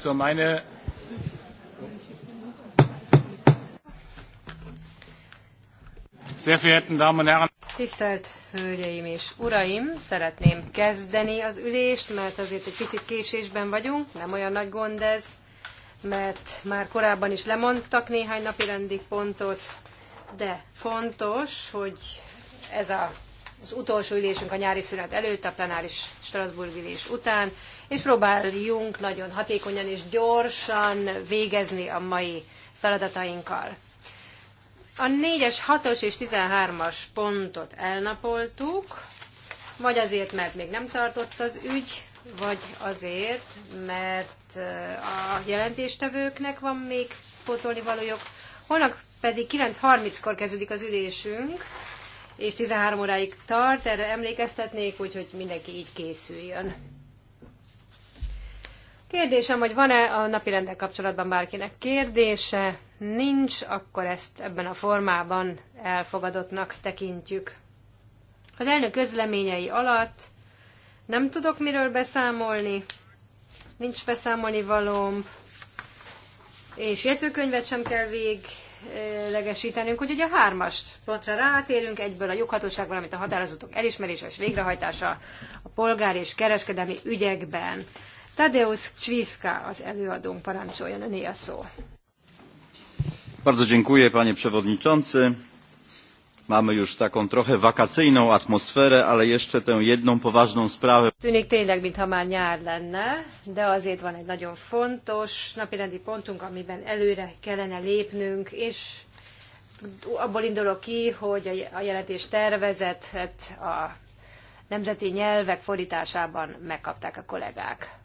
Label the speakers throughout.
Speaker 1: So meine Sehr verehrten Damen und Herren.
Speaker 2: Tisztelt Hölgyeim és Uraim, szeretném kezdeni az ülést, mert azért egy picit késésben vagyunk, nem olyan nagy gond ez, mert már korábban is lemondtak néhány napi rendi pontot, de fontos, hogy ez a az utolsó ülésünk a nyári szünet előtt, a plenáris Strasbourg ülés után, és próbáljunk nagyon hatékonyan és gyorsan végezni a mai feladatainkkal. A 4-es, 6-os és 13-as pontot elnapoltuk, vagy azért, mert még nem tartott az ügy, vagy azért, mert a jelentéstevőknek van még pótolni valójuk. Holnap pedig 9.30-kor kezdődik az ülésünk, és 13 óráig tart, erre emlékeztetnék, úgyhogy mindenki így készüljön. Kérdésem, hogy van-e a napi rendel kapcsolatban bárkinek kérdése? Nincs, akkor ezt ebben a formában elfogadottnak tekintjük. Az elnök közleményei alatt nem tudok miről beszámolni, nincs beszámolni valóm, és jegyzőkönyvet sem kell vég véglegesítenünk, hogy ugye a hármas pontra rátérünk, egyből a joghatóság, valamint a határozatok elismerése és végrehajtása a polgár és kereskedelmi ügyekben. Tadeusz Csvivka az előadónk parancsoljon, öné a szó.
Speaker 1: Bardzo dziękuję, panie przewodniczący. Mamy już taką trochę wakacyjną atmosferę, ale jeszcze tę jedną poważną sprawę.
Speaker 2: Tűnik tényleg, mintha már nyár lenne, de azért van egy nagyon fontos napirendi pontunk, amiben előre kellene lépnünk, és abból indulok ki, hogy a jelentés tervezetet a nemzeti nyelvek fordításában megkapták a
Speaker 3: kollégák.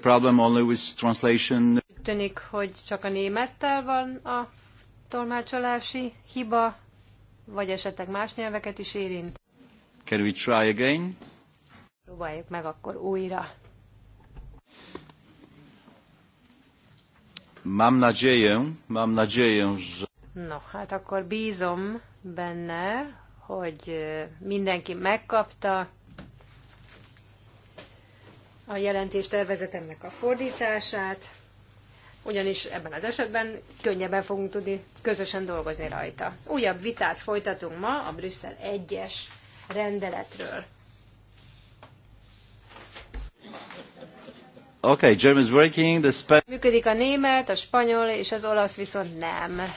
Speaker 1: problem only with translation?
Speaker 2: Tűnik, hogy csak a némettel van a tolmácsolási hiba, vagy esetleg más nyelveket is érint.
Speaker 1: Can we try again?
Speaker 2: Próbáljuk meg akkor újra.
Speaker 1: Mam nadzieję, mam nadzieję, że...
Speaker 2: No, hát akkor bízom benne, hogy mindenki megkapta a jelentés tervezetemnek a fordítását, ugyanis ebben az esetben könnyebben fogunk tudni közösen dolgozni rajta. Újabb vitát folytatunk ma a Brüsszel 1-es rendeletről.
Speaker 1: Okay, German is working, the
Speaker 2: Működik a német, a spanyol és az olasz viszont nem.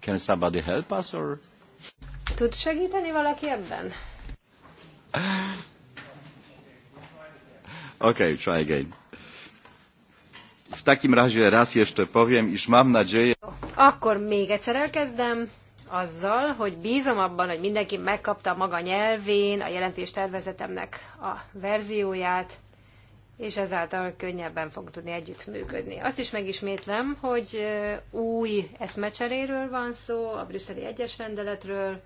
Speaker 1: Can somebody help us, or...
Speaker 2: Tud segíteni valaki ebben?
Speaker 1: okay, try again. W takim razie raz jeszcze powiem, iż mam nadzieję...
Speaker 2: Akkor még egyszer elkezdem azzal, hogy bízom abban, hogy mindenki megkapta maga nyelvén a jelentéstervezetemnek a verzióját és ezáltal könnyebben fog tudni együttműködni. Azt is megismétlem, hogy új eszmecseréről van szó, a brüsszeli egyes rendeletről,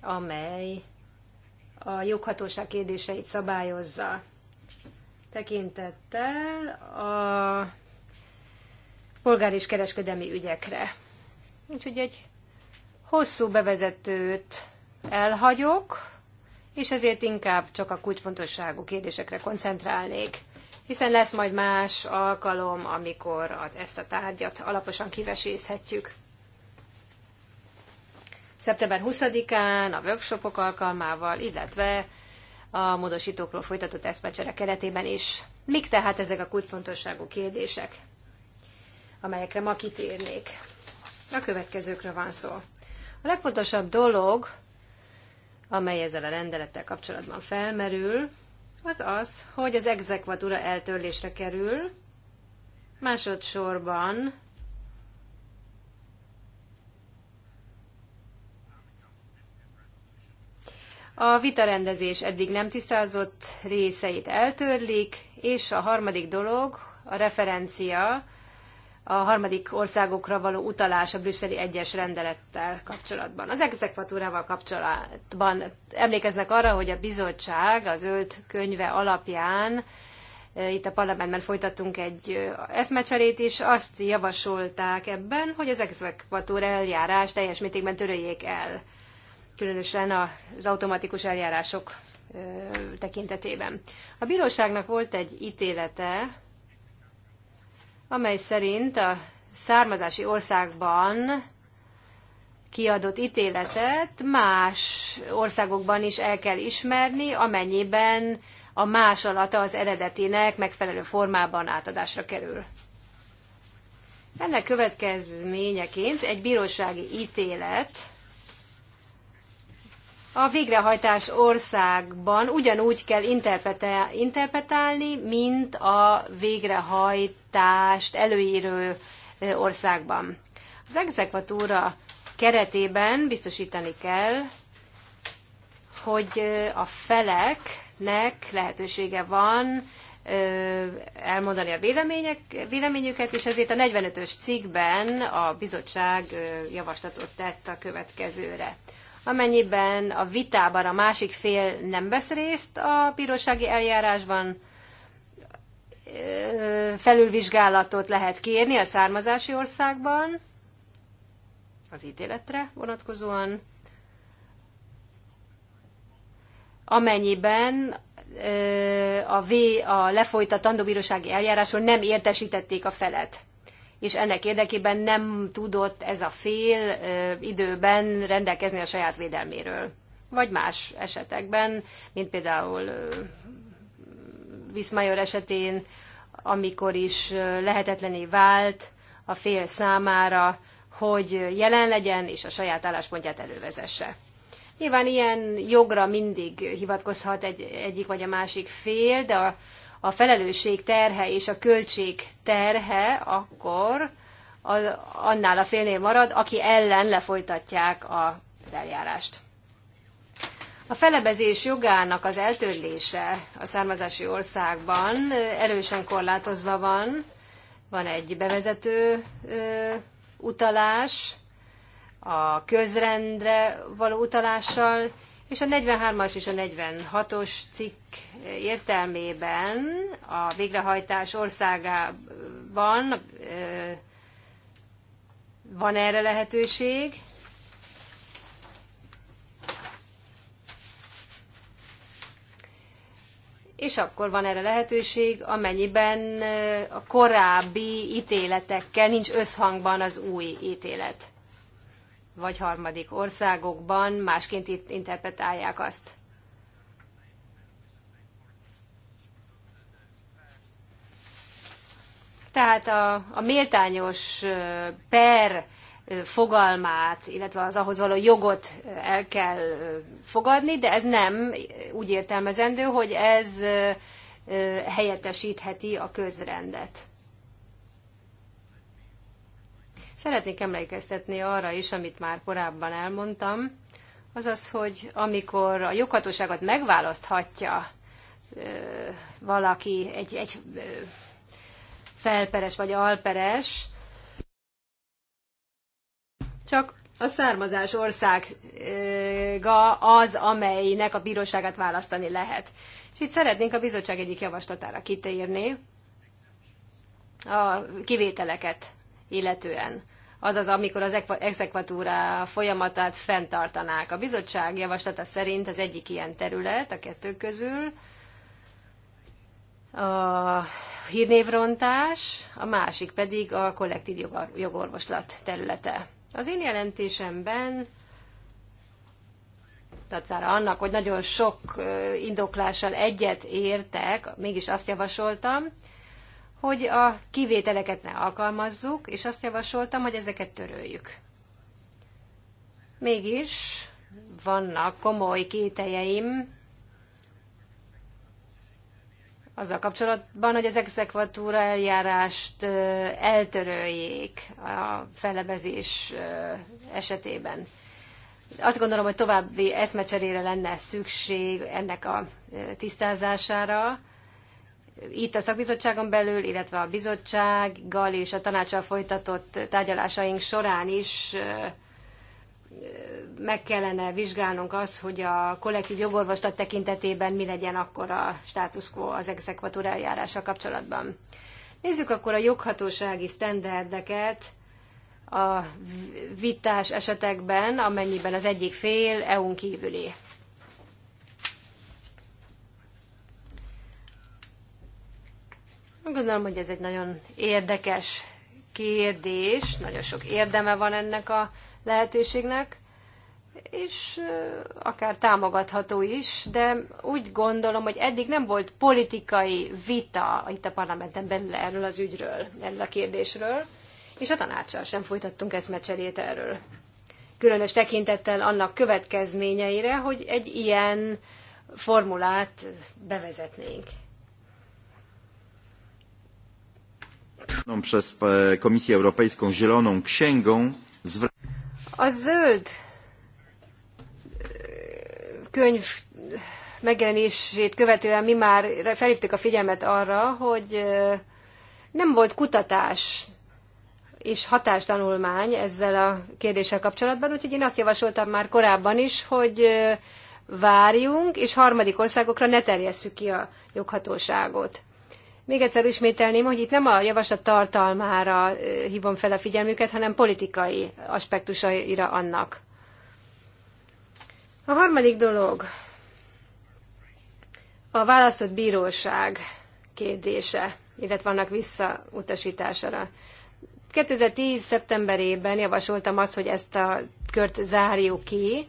Speaker 2: amely a joghatóság kérdéseit szabályozza. Tekintettel a polgári és kereskedelmi ügyekre. Úgyhogy egy hosszú bevezetőt elhagyok, és ezért inkább csak a kulcsfontosságú kérdésekre koncentrálnék, hiszen lesz majd más alkalom, amikor az, ezt a tárgyat alaposan kivesészhetjük. Szeptember 20-án a workshopok alkalmával, illetve a módosítókról folytatott eszmecsere keretében is. Mik tehát ezek a kulcsfontosságú kérdések, amelyekre ma kitérnék? A következőkről van szó. A legfontosabb dolog, amely ezzel a rendelettel kapcsolatban felmerül, az az, hogy az exekvatúra eltörlésre kerül, másodszorban A vitarendezés eddig nem tisztázott részeit eltörlik, és a harmadik dolog, a referencia a harmadik országokra való utalás a brüsszeli egyes rendelettel kapcsolatban. Az exekvatúrával kapcsolatban emlékeznek arra, hogy a bizottság a zöld könyve alapján e, itt a parlamentben folytattunk egy e, eszmecserét is, azt javasolták ebben, hogy az exekvatúr eljárás teljes mértékben töröljék el, különösen az automatikus eljárások e, tekintetében. A bíróságnak volt egy ítélete, amely szerint a származási országban kiadott ítéletet más országokban is el kell ismerni, amennyiben a másolata az eredetinek megfelelő formában átadásra kerül. Ennek következményeként egy bírósági ítélet a végrehajtás országban ugyanúgy kell interpretálni, mint a végrehajtást előírő országban. Az exekvatúra keretében biztosítani kell, hogy a feleknek lehetősége van elmondani a vélemények, véleményüket, és ezért a 45-ös cikkben a bizottság javaslatot tett a következőre. Amennyiben a vitában a másik fél nem vesz részt a bírósági eljárásban, felülvizsgálatot lehet kérni a származási országban, az ítéletre vonatkozóan, amennyiben a, v, a lefolytatandó bírósági eljárásról nem értesítették a felet és ennek érdekében nem tudott ez a fél időben rendelkezni a saját védelméről. Vagy más esetekben, mint például Viszmajor esetén, amikor is lehetetlené vált a fél számára, hogy jelen legyen és a saját álláspontját elővezesse. Nyilván ilyen jogra mindig hivatkozhat egy, egyik vagy a másik fél, de a a felelősség terhe és a költség terhe akkor az, annál a félnél marad, aki ellen lefolytatják a, az eljárást. A felebezés jogának az eltörlése a származási országban erősen korlátozva van. Van egy bevezető ö, utalás, a közrendre való utalással, és a 43-as és a 46-os cikk értelmében a végrehajtás országában van erre lehetőség, és akkor van erre lehetőség, amennyiben a korábbi ítéletekkel nincs összhangban az új ítélet vagy harmadik országokban másként itt interpretálják azt. Tehát a, a méltányos per fogalmát, illetve az ahhoz való jogot el kell fogadni, de ez nem úgy értelmezendő, hogy ez helyettesítheti a közrendet. Szeretnék emlékeztetni arra is, amit már korábban elmondtam, azaz, hogy amikor a joghatóságot megválaszthatja valaki, egy, egy felperes vagy alperes, csak a származás országa az, amelynek a bíróságát választani lehet. És itt szeretnénk a bizottság egyik javaslatára kitérni a kivételeket illetően azaz amikor az exekvatúra folyamatát fenntartanák. A bizottság javaslata szerint az egyik ilyen terület a kettő közül a hírnévrontás, a másik pedig a kollektív jogorvoslat területe. Az én jelentésemben tacára annak, hogy nagyon sok indoklással egyet értek, mégis azt javasoltam, hogy a kivételeket ne alkalmazzuk, és azt javasoltam, hogy ezeket töröljük. Mégis vannak komoly kételjeim azzal kapcsolatban, hogy az exekvatúra eljárást eltöröljék a felebezés esetében. Azt gondolom, hogy további eszmecserére lenne szükség ennek a tisztázására, itt a szakbizottságon belül, illetve a bizottsággal és a tanácsal folytatott tárgyalásaink során is meg kellene vizsgálnunk az, hogy a kollektív jogorvoslat tekintetében mi legyen akkor a status quo az exekvatúra eljárása kapcsolatban. Nézzük akkor a joghatósági sztenderdeket a vitás esetekben, amennyiben az egyik fél EU-n kívüli. Gondolom, hogy ez egy nagyon érdekes kérdés, nagyon sok érdeme van ennek a lehetőségnek, és akár támogatható is, de úgy gondolom, hogy eddig nem volt politikai vita itt a parlamenten belül erről az ügyről, erről a kérdésről, és a tanácsal sem folytattunk eszmecserét erről. Különös tekintettel annak következményeire, hogy egy ilyen formulát bevezetnénk.
Speaker 1: przez e, Komisję Europejską
Speaker 2: A zöld e, könyv megjelenését követően mi már felhívtuk a figyelmet arra, hogy e, nem volt kutatás és hatástanulmány ezzel a kérdéssel kapcsolatban, úgyhogy én azt javasoltam már korábban is, hogy várjunk, és harmadik országokra ne terjesszük ki a joghatóságot. Még egyszer ismételném, hogy itt nem a javaslat tartalmára eh, hívom fel a figyelmüket, hanem politikai aspektusaira annak. A harmadik dolog a választott bíróság kérdése, illetve annak visszautasítására. 2010. szeptemberében javasoltam azt, hogy ezt a kört zárjuk ki,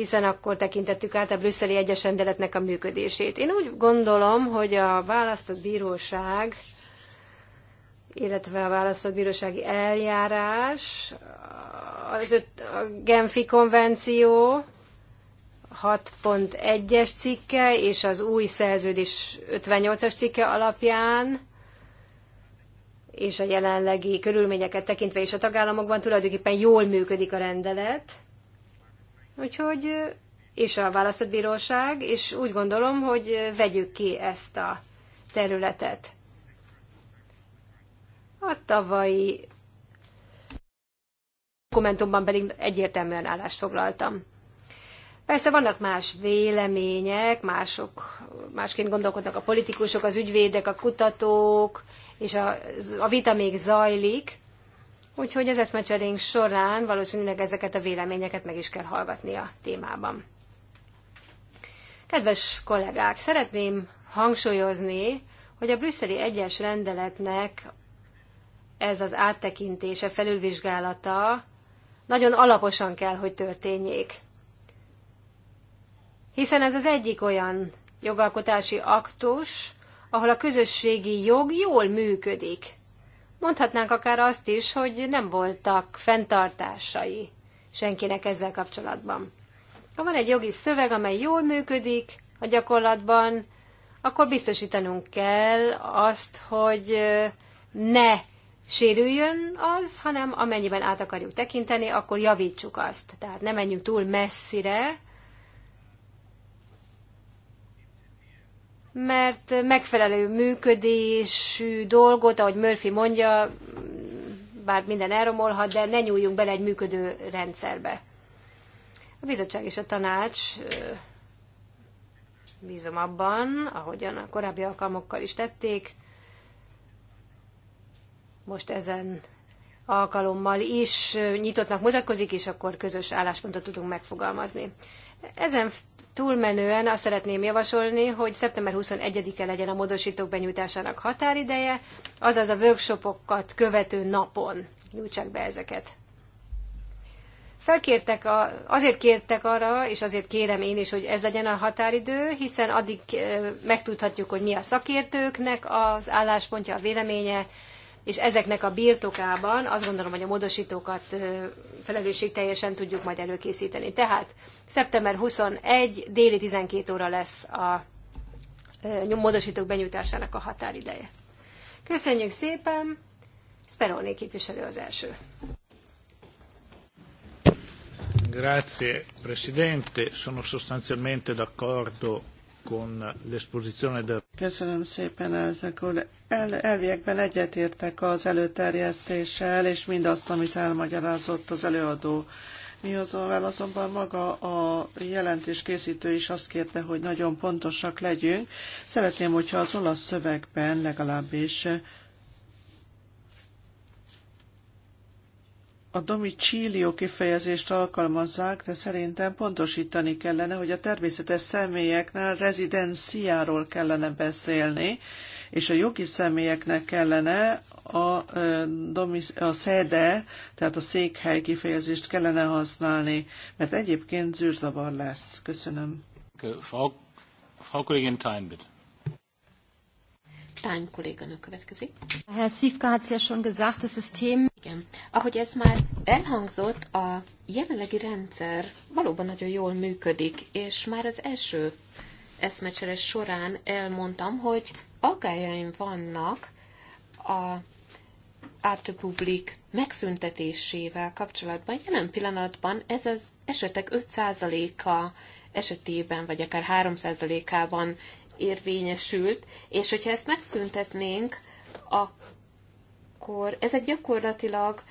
Speaker 2: hiszen akkor tekintettük át a brüsszeli egyes rendeletnek a működését. Én úgy gondolom, hogy a választott bíróság, illetve a választott bírósági eljárás, az öt, a Genfi konvenció 6.1-es cikke és az új szerződés 58-as cikke alapján és a jelenlegi körülményeket tekintve is a tagállamokban tulajdonképpen jól működik a rendelet, Úgyhogy, és a választott bíróság, és úgy gondolom, hogy vegyük ki ezt a területet. A tavalyi dokumentumban pedig egyértelműen állást foglaltam. Persze vannak más vélemények, mások másként gondolkodnak a politikusok, az ügyvédek, a kutatók, és a, a vita még zajlik, Úgyhogy az eszmecserénk során valószínűleg ezeket a véleményeket meg is kell hallgatni a témában. Kedves kollégák, szeretném hangsúlyozni, hogy a brüsszeli egyes rendeletnek ez az áttekintése, felülvizsgálata nagyon alaposan kell, hogy történjék. Hiszen ez az egyik olyan jogalkotási aktus, ahol a közösségi jog jól működik, Mondhatnánk akár azt is, hogy nem voltak fenntartásai senkinek ezzel kapcsolatban. Ha van egy jogi szöveg, amely jól működik a gyakorlatban, akkor biztosítanunk kell azt, hogy ne sérüljön az, hanem amennyiben át akarjuk tekinteni, akkor javítsuk azt. Tehát ne menjünk túl messzire, mert megfelelő működésű dolgot, ahogy Murphy mondja, bár minden elromolhat, de ne nyúljunk bele egy működő rendszerbe. A bizottság és a tanács bízom abban, ahogyan a korábbi alkalmakkal is tették, most ezen alkalommal is nyitottnak mutatkozik, és akkor közös álláspontot tudunk megfogalmazni. Ezen túlmenően azt szeretném javasolni, hogy szeptember 21-e legyen a módosítók benyújtásának határideje, azaz a workshopokat követő napon nyújtsák be ezeket. Felkértek a, azért kértek arra, és azért kérem én is, hogy ez legyen a határidő, hiszen addig eh, megtudhatjuk, hogy mi a szakértőknek az álláspontja, a véleménye, és ezeknek a birtokában azt gondolom, hogy a módosítókat felelősségteljesen tudjuk majd előkészíteni. Tehát szeptember 21 déli 12 óra lesz a módosítók benyújtásának a határideje. Köszönjük szépen! Speroni képviselő az első.
Speaker 1: Grazie Presidente, sono sostanzialmente d'accordo con l'esposizione del... Köszönöm szépen, elnök úr. El, elviekben egyetértek az előterjesztéssel, és mindazt, amit elmagyarázott az előadó. Mi azonban, azonban maga a jelentés készítő is azt kérte, hogy nagyon pontosak legyünk. Szeretném, hogyha az olasz szövegben legalábbis a domicílió kifejezést alkalmazzák, de szerintem pontosítani kellene, hogy a természetes személyeknél rezidenciáról kellene beszélni, és a jogi személyeknek kellene a, domisz, a szede, tehát a székhely kifejezést kellene használni, mert egyébként zűrzavar lesz. Köszönöm. Frau, Frau Kollegin Tein, bitte kolléganő következik. Herr Szívka hat ja schon gesagt, das
Speaker 3: System... Igen. Ahogy ez már elhangzott, a jelenlegi rendszer valóban nagyon jól működik, és már az első eszmecseres során elmondtam, hogy aggályaim vannak a arte megszüntetésével kapcsolatban. Jelen pillanatban ez az esetek 5%-a esetében, vagy akár 3%-ában érvényesült, és hogyha ezt megszüntetnénk, akkor ezek gyakorlatilag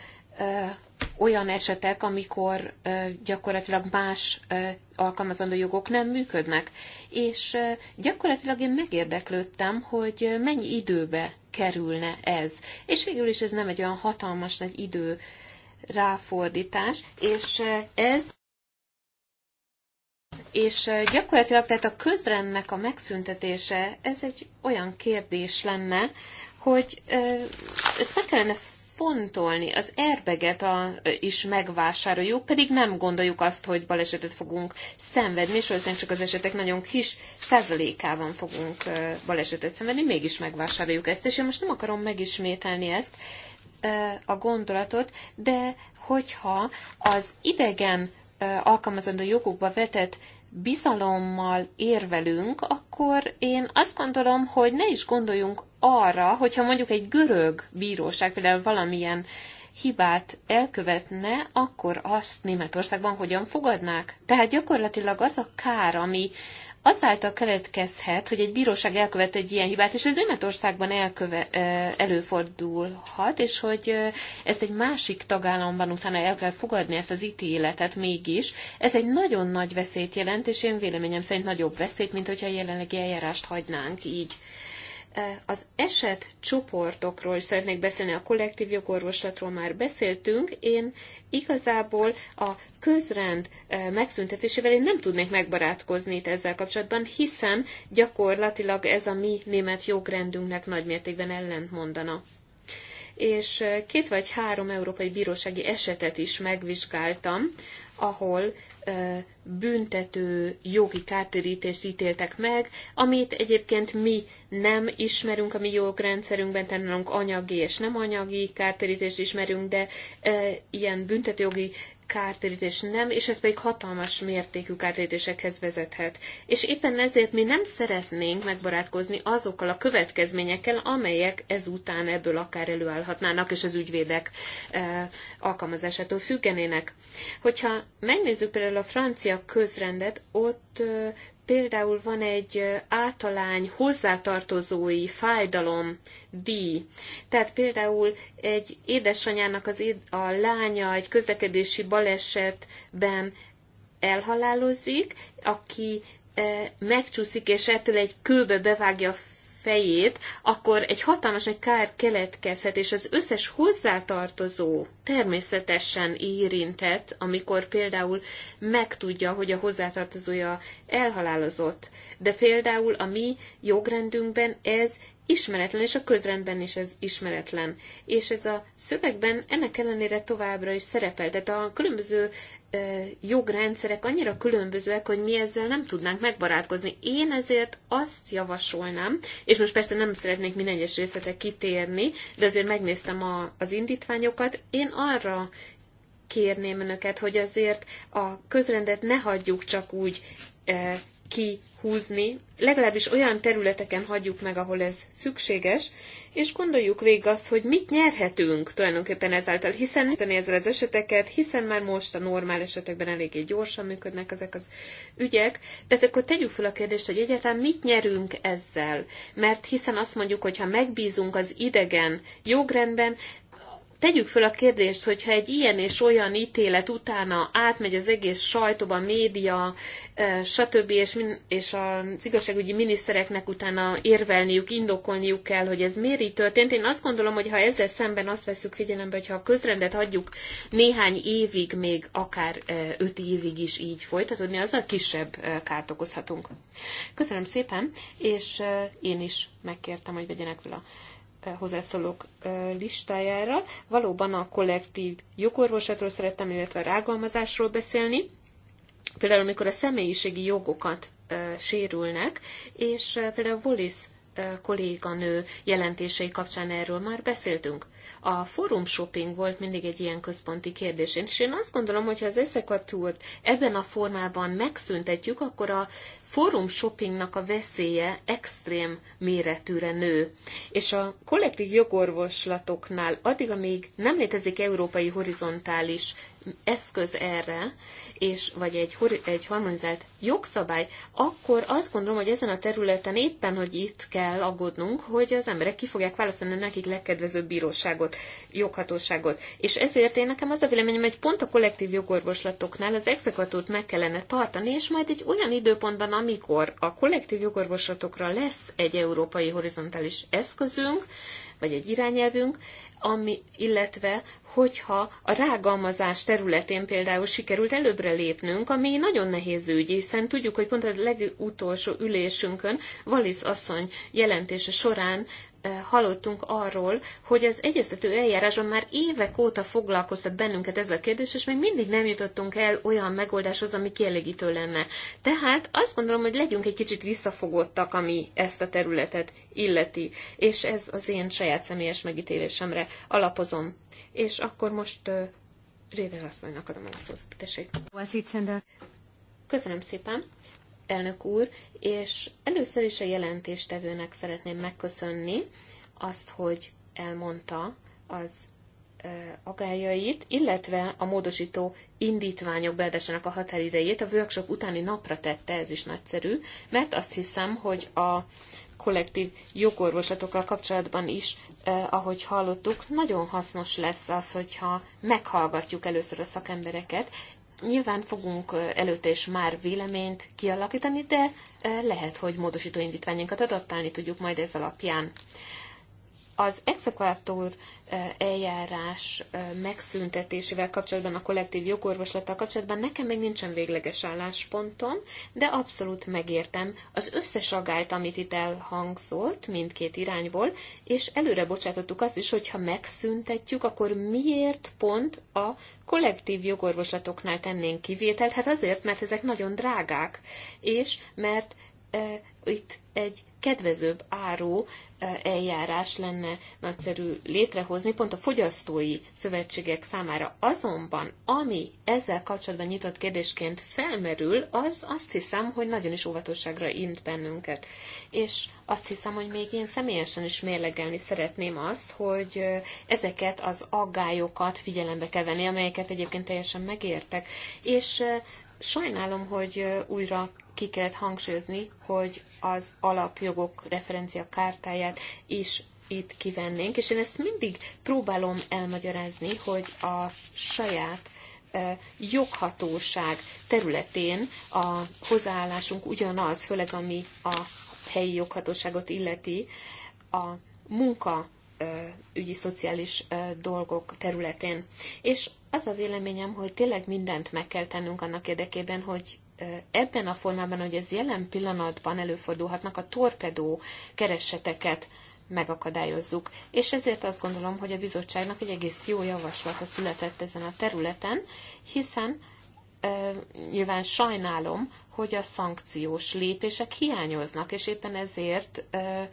Speaker 3: olyan esetek, amikor gyakorlatilag más alkalmazandó jogok nem működnek. És gyakorlatilag én megérdeklődtem, hogy mennyi időbe kerülne ez. És végül is ez nem egy olyan hatalmas nagy idő ráfordítás, és ez és gyakorlatilag tehát a közrendnek a megszüntetése, ez egy olyan kérdés lenne, hogy ezt meg kellene fontolni, az erbeget a, is megvásároljuk, pedig nem gondoljuk azt, hogy balesetet fogunk szenvedni, és valószínűleg csak az esetek nagyon kis százalékában fogunk balesetet szenvedni, mégis megvásároljuk ezt, és én most nem akarom megismételni ezt, a gondolatot, de hogyha az idegen alkalmazandó jogokba vetett bizalommal érvelünk, akkor én azt gondolom, hogy ne is gondoljunk arra, hogyha mondjuk egy görög bíróság például valamilyen hibát elkövetne, akkor azt Németországban hogyan fogadnák. Tehát gyakorlatilag az a kár, ami azáltal keletkezhet, hogy egy bíróság elkövet egy ilyen hibát, és ez Németországban elköve, előfordulhat, és hogy ezt egy másik tagállamban utána el kell fogadni ezt az ítéletet mégis. Ez egy nagyon nagy veszélyt jelent, és én véleményem szerint nagyobb veszélyt, mint hogyha a jelenlegi eljárást hagynánk így az eset csoportokról is szeretnék beszélni, a kollektív jogorvoslatról már beszéltünk. Én igazából a közrend megszüntetésével én nem tudnék megbarátkozni itt ezzel kapcsolatban, hiszen gyakorlatilag ez a mi német jogrendünknek nagymértékben ellentmondana és két vagy három európai bírósági esetet is megvizsgáltam, ahol büntető jogi kártérítést ítéltek meg, amit egyébként mi nem ismerünk a mi jogrendszerünkben, tehát anyagi és nem anyagi kártérítést ismerünk, de ilyen büntető jogi kártérítés nem, és ez pedig hatalmas mértékű kártérítésekhez vezethet. És éppen ezért mi nem szeretnénk megbarátkozni azokkal a következményekkel, amelyek ezután ebből akár előállhatnának, és az ügyvédek e, alkalmazásától függenének. Hogyha megnézzük például a francia közrendet, ott e, Például van egy általány hozzátartozói fájdalom díj. Tehát például egy édesanyának az éd, a lánya egy közlekedési balesetben elhalálozik, aki megcsúszik, és ettől egy kőbe bevágja a fejét, akkor egy hatalmas egy kár keletkezhet, és az összes hozzátartozó természetesen érintett, amikor például megtudja, hogy a hozzátartozója elhalálozott. De például a mi jogrendünkben ez ismeretlen, és a közrendben is ez ismeretlen. És ez a szövegben ennek ellenére továbbra is szerepel. Tehát a különböző jogrendszerek annyira különbözőek, hogy mi ezzel nem tudnánk megbarátkozni. Én ezért azt javasolnám, és most persze nem szeretnék minden egyes részletre kitérni, de azért megnéztem a, az indítványokat. Én arra kérném önöket, hogy azért a közrendet ne hagyjuk csak úgy kihúzni, legalábbis olyan területeken hagyjuk meg, ahol ez szükséges, és gondoljuk végig azt, hogy mit nyerhetünk tulajdonképpen ezáltal, hiszen ezzel az eseteket, hiszen már most a normál esetekben eléggé gyorsan működnek ezek az ügyek, de akkor tegyük fel a kérdést, hogy egyáltalán mit nyerünk ezzel, mert hiszen azt mondjuk, hogy ha megbízunk az idegen jogrendben, tegyük föl a kérdést, hogyha egy ilyen és olyan ítélet utána átmegy az egész sajtóba, média, stb. És, és az igazságügyi minisztereknek utána érvelniük, indokolniuk kell, hogy ez miért így történt. Én azt gondolom, hogy ha ezzel szemben azt veszük figyelembe, hogy ha a közrendet hagyjuk néhány évig, még akár öt évig is így folytatódni, a kisebb kárt okozhatunk. Köszönöm szépen, és én is megkértem, hogy vegyenek fel a hozzászólók listájára. Valóban a kollektív jogorvoslatról szerettem, illetve a rágalmazásról beszélni. Például, amikor a személyiségi jogokat sérülnek, és például Wallis kolléganő jelentései kapcsán erről már beszéltünk. A forum shopping volt mindig egy ilyen központi kérdés, és én azt gondolom, hogy ha az eszekatúrt ebben a formában megszüntetjük, akkor a forum shoppingnak a veszélye extrém méretűre nő. És a kollektív jogorvoslatoknál addig, amíg nem létezik európai horizontális eszköz erre, és vagy egy, egy harmonizált jogszabály, akkor azt gondolom, hogy ezen a területen éppen, hogy itt kell aggódnunk, hogy az emberek ki fogják választani nekik legkedvezőbb bíróságot, joghatóságot. És ezért én nekem az a véleményem, hogy pont a kollektív jogorvoslatoknál az exekvatút meg kellene tartani, és majd egy olyan időpontban, amikor a kollektív jogorvoslatokra lesz egy európai horizontális eszközünk, vagy egy irányelvünk, ami, illetve hogyha a rágalmazás területén például sikerült előbbre lépnünk, ami nagyon nehéz ügy, hiszen tudjuk, hogy pont a legutolsó ülésünkön Valisz asszony jelentése során hallottunk arról, hogy az egyeztető eljáráson már évek óta foglalkoztat bennünket ez a kérdés, és még mindig nem jutottunk el olyan megoldáshoz, ami kielégítő lenne. Tehát azt gondolom, hogy legyünk egy kicsit visszafogottak, ami ezt a területet illeti, és ez az én saját személyes megítélésemre alapozom. És akkor most uh, Réder asszonynak adom a szót. Tessék. Köszönöm szépen elnök úr, és először is a jelentéstevőnek szeretném megköszönni azt, hogy elmondta az agályait, illetve a módosító indítványok beadásának a határidejét a workshop utáni napra tette, ez is nagyszerű, mert azt hiszem, hogy a kollektív jogorvoslatokkal kapcsolatban is, eh, ahogy hallottuk, nagyon hasznos lesz az, hogyha meghallgatjuk először a szakembereket, Nyilván fogunk előtte is már véleményt kialakítani, de lehet, hogy módosító indítványainkat adaptálni tudjuk majd ez alapján az exekvátor eljárás megszüntetésével kapcsolatban, a kollektív jogorvoslattal kapcsolatban nekem még nincsen végleges álláspontom, de abszolút megértem az összes agályt, amit itt elhangzott mindkét irányból, és előre bocsátottuk azt is, hogyha megszüntetjük, akkor miért pont a kollektív jogorvoslatoknál tennénk kivételt? Hát azért, mert ezek nagyon drágák, és mert itt egy kedvezőbb áró eljárás lenne nagyszerű létrehozni, pont a fogyasztói szövetségek számára. Azonban, ami ezzel kapcsolatban nyitott kérdésként felmerül, az azt hiszem, hogy nagyon is óvatosságra int bennünket. És azt hiszem, hogy még én személyesen is mérlegelni szeretném azt, hogy ezeket az aggályokat figyelembe kell venni, amelyeket egyébként teljesen megértek. És Sajnálom, hogy újra ki kellett hangsúlyozni, hogy az alapjogok referencia kártáját is itt kivennénk, és én ezt mindig próbálom elmagyarázni, hogy a saját joghatóság területén a hozzáállásunk ugyanaz, főleg ami a helyi joghatóságot illeti, a munka ügyi, szociális dolgok területén. És az a véleményem, hogy tényleg mindent meg kell tennünk annak érdekében, hogy ebben a formában, hogy ez jelen pillanatban előfordulhatnak, a torpedó kereseteket megakadályozzuk. És ezért azt gondolom, hogy a bizottságnak egy egész jó javaslata született ezen a területen, hiszen e, nyilván sajnálom, hogy a szankciós lépések hiányoznak, és éppen ezért e,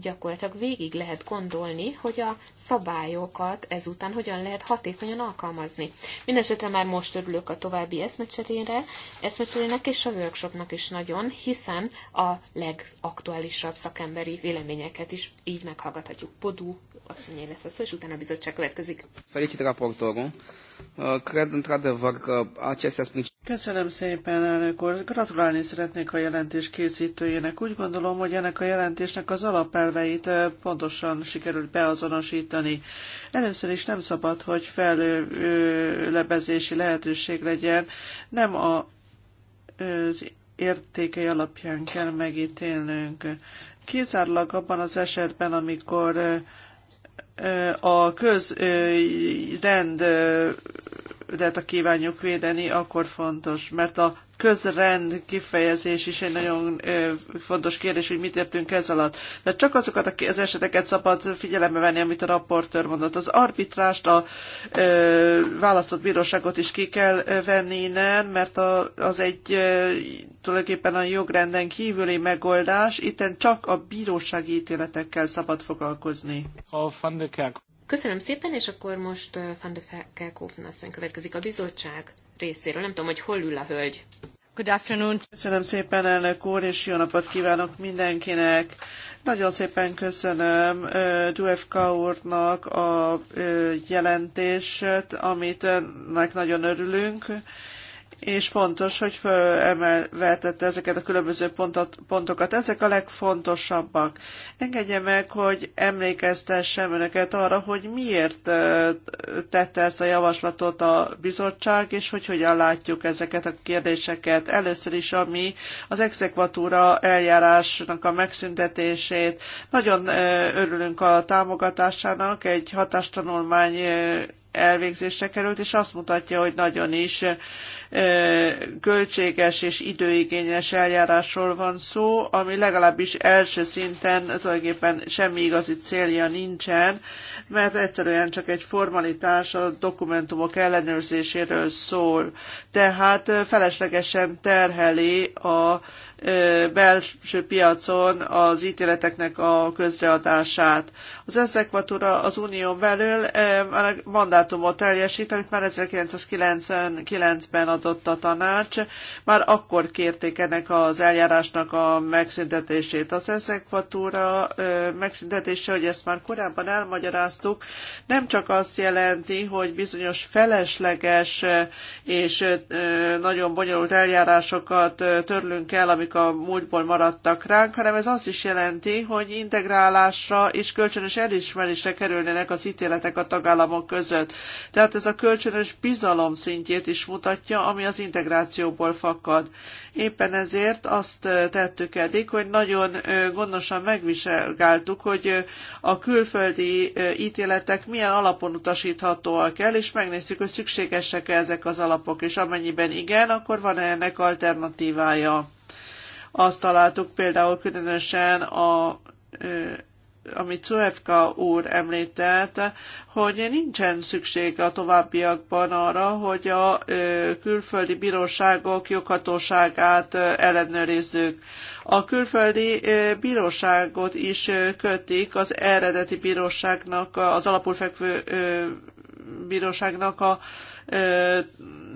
Speaker 3: gyakorlatilag végig lehet gondolni, hogy a szabályokat ezután hogyan lehet hatékonyan alkalmazni. Mindenesetre már most örülök a további eszmecserére, eszmecserének és a workshopnak is nagyon, hiszen a legaktuálisabb szakemberi véleményeket is így meghallgathatjuk. Podú, azt mondja, lesz a szó, és utána a bizottság következik.
Speaker 1: Felicit raportolgunk. Uh, cred într-adevăr că acestea sunt... Köszönöm szépen, elnök úr. Gratulálni szeretnék a jelentés készítőjének. Úgy gondolom, hogy ennek a jelentésnek az alapelveit uh, pontosan sikerült beazonosítani. Először is nem szabad, hogy fellebezési lehetőség legyen. Nem a, az értékei alapján kell megítélnünk. Kizárólag abban az esetben, amikor uh, a közrend de a kívánjuk védeni, akkor fontos, mert a közrend kifejezés is egy nagyon fontos kérdés, hogy mit értünk ez alatt. De csak azokat az eseteket szabad figyelembe venni, amit a raportőr mondott. Az arbitrást, a ö, választott bíróságot is ki kell venni innen, mert a, az egy ö, tulajdonképpen a jogrenden kívüli megoldás. Itten csak a bírósági ítéletekkel szabad foglalkozni. A
Speaker 3: Köszönöm szépen, és akkor most Van de Kerkhofen asszony következik a bizottság részéről. Nem tudom, hogy hol ül a hölgy.
Speaker 1: Good afternoon. Köszönöm szépen, elnök úr, és jó napot kívánok mindenkinek. Nagyon szépen köszönöm Duefka úrnak a jelentést, amit önnek nagyon örülünk és fontos, hogy felemelvetette ezeket a különböző pontot, pontokat. Ezek a legfontosabbak. Engedje meg, hogy emlékeztessem önöket arra, hogy miért tette ezt a javaslatot a bizottság, és hogy hogyan látjuk ezeket a kérdéseket. Először is, ami az exekvatúra eljárásnak a megszüntetését. Nagyon örülünk a támogatásának, egy hatástanulmány elvégzésre került, és azt mutatja, hogy nagyon is költséges és időigényes eljárásról van szó, ami legalábbis első szinten tulajdonképpen semmi igazi célja nincsen, mert egyszerűen csak egy formalitás a dokumentumok ellenőrzéséről szól. Tehát feleslegesen terheli a belső piacon az ítéleteknek a közreadását. Az exekvatúra az unión belül a mandátumot teljesít, amit már 1999-ben adott a tanács, már akkor kérték ennek az eljárásnak a megszüntetését. Az exekvatúra megszüntetése, hogy ezt már korábban elmagyaráztuk, nem csak azt jelenti, hogy bizonyos felesleges és nagyon bonyolult eljárásokat törlünk el, amit amik a múltból maradtak ránk, hanem ez azt is jelenti, hogy integrálásra és kölcsönös elismerésre kerülnének az ítéletek a tagállamok között. Tehát ez a kölcsönös bizalom szintjét is mutatja, ami az integrációból fakad. Éppen ezért azt tettük eddig, hogy nagyon gondosan megvizsgáltuk, hogy a külföldi ítéletek milyen alapon utasíthatóak el, és megnézzük, hogy szükségesek-e ezek az alapok, és amennyiben igen, akkor van-e ennek alternatívája. Azt találtuk például különösen a amit Cuevka úr említett, hogy nincsen szükség a továbbiakban arra, hogy a külföldi bíróságok joghatóságát ellenőrizzük. A külföldi bíróságot is kötik az eredeti bíróságnak, az alapul fekvő bíróságnak a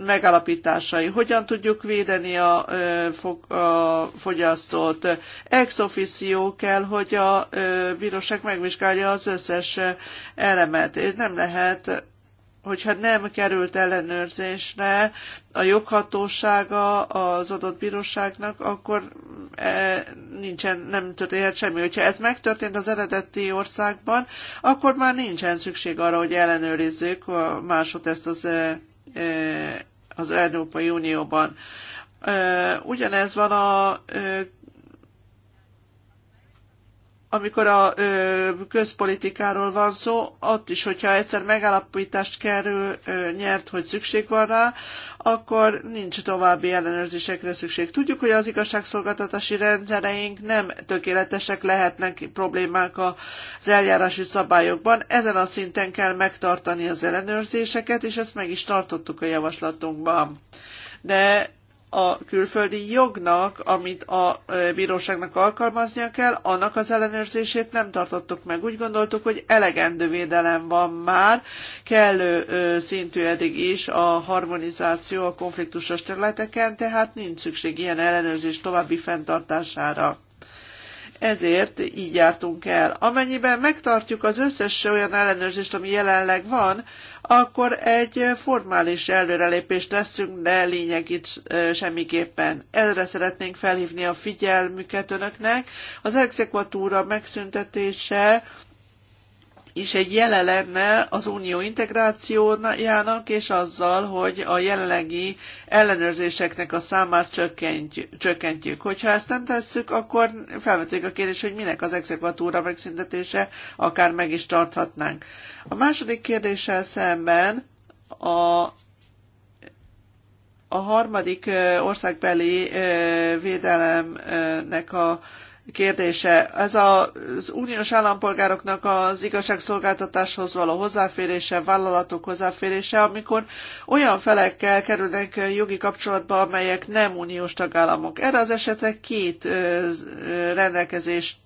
Speaker 1: megalapításai. Hogyan tudjuk védeni a, a fogyasztót? Ex officio kell, hogy a bíróság megvizsgálja az összes elemet. Nem lehet hogyha nem került ellenőrzésre a joghatósága az adott bíróságnak, akkor e, nincsen, nem történhet semmi. Hogyha ez megtörtént az eredeti országban, akkor már nincsen szükség arra, hogy ellenőrizzük másod ezt az e, e, az Európai Unióban. Ugyanez van a amikor a ö, közpolitikáról van szó, ott is, hogyha egyszer megállapítást kerül, ö, nyert, hogy szükség van rá, akkor nincs további ellenőrzésekre szükség. Tudjuk, hogy az igazságszolgáltatási rendszereink nem tökéletesek, lehetnek problémák az eljárási szabályokban. Ezen a szinten kell megtartani az ellenőrzéseket, és ezt meg is tartottuk a javaslatunkban. De a külföldi jognak, amit a bíróságnak alkalmaznia kell, annak az ellenőrzését nem tartottuk meg. Úgy gondoltuk, hogy elegendő védelem van már, kellő szintű eddig is a harmonizáció a konfliktusos területeken, tehát nincs szükség ilyen ellenőrzés további fenntartására ezért így jártunk el. Amennyiben megtartjuk az összes olyan ellenőrzést, ami jelenleg van, akkor egy formális előrelépést leszünk, de itt semmiképpen. Erre szeretnénk felhívni a figyelmüket önöknek. Az exekvatúra megszüntetése is egy jele lenne az unió integrációjának, és azzal, hogy a jelenlegi ellenőrzéseknek a számát csökkentjük. csökkentjük. Hogyha ezt nem tesszük, akkor felvetődik a kérdés, hogy minek az exekvatúra megszüntetése, akár meg is tarthatnánk. A második kérdéssel szemben a a harmadik országbeli védelemnek a kérdése. Ez az uniós állampolgároknak az igazságszolgáltatáshoz való hozzáférése, vállalatok hozzáférése, amikor olyan felekkel kerülnek jogi kapcsolatba, amelyek nem uniós tagállamok. Erre az esetre két rendelkezés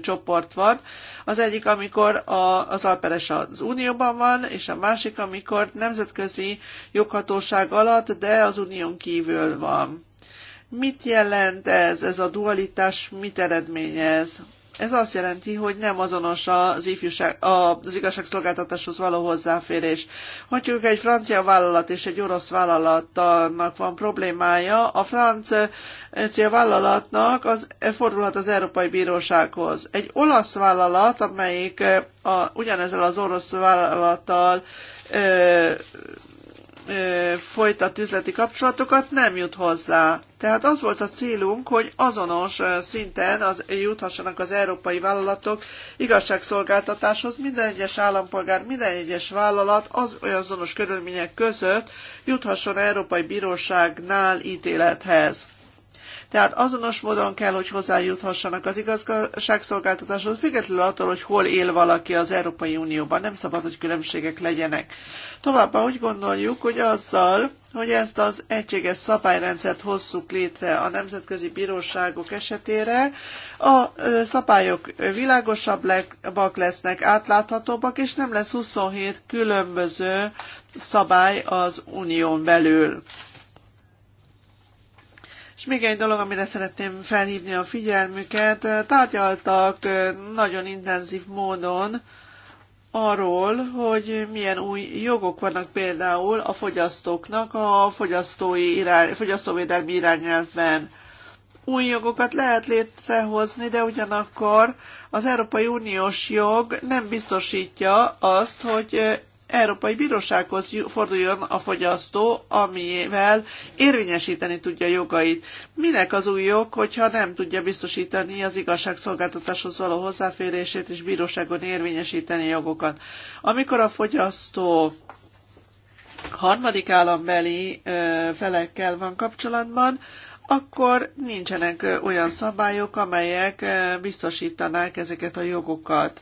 Speaker 1: csoport van. Az egyik, amikor a, az alperes az unióban van, és a másik, amikor nemzetközi joghatóság alatt, de az unión kívül van Mit jelent ez, ez a dualitás, mit eredményez? Ez azt jelenti, hogy nem azonos az, ifjúság, az igazságszolgáltatáshoz való hozzáférés. Mondjuk egy francia vállalat és egy orosz vállalatnak van problémája, a francia vállalatnak az e, fordulhat az Európai Bírósághoz. Egy olasz vállalat, amelyik e, a, ugyanezzel az orosz vállalattal ö, e, folytat üzleti kapcsolatokat, nem jut hozzá. Tehát az volt a célunk, hogy azonos szinten az, juthassanak az európai vállalatok igazságszolgáltatáshoz, minden egyes állampolgár, minden egyes vállalat az olyan azonos körülmények között juthasson Európai Bíróságnál ítélethez. Tehát azonos módon kell, hogy hozzájuthassanak az igazságszolgáltatáshoz, függetlenül attól, hogy hol él valaki az Európai Unióban. Nem szabad, hogy különbségek legyenek. Továbbá úgy gondoljuk, hogy azzal, hogy ezt az egységes szabályrendszert hozzuk létre a nemzetközi bíróságok esetére, a szabályok világosabbak lesznek, átláthatóbbak, és nem lesz 27 különböző szabály az unión belül. És még egy dolog, amire szeretném felhívni a figyelmüket, tárgyaltak nagyon intenzív módon arról, hogy milyen új jogok vannak például a fogyasztóknak a fogyasztói irány, fogyasztóvédelmi irányelvben. Új jogokat lehet létrehozni, de ugyanakkor az Európai Uniós jog nem biztosítja azt, hogy Európai Bírósághoz forduljon a fogyasztó, amivel érvényesíteni tudja jogait. Minek az új jog, hogyha nem tudja biztosítani az igazságszolgáltatáshoz való hozzáférését és bíróságon érvényesíteni jogokat? Amikor a fogyasztó harmadik állambeli felekkel van kapcsolatban, akkor nincsenek olyan szabályok, amelyek biztosítanák ezeket a jogokat.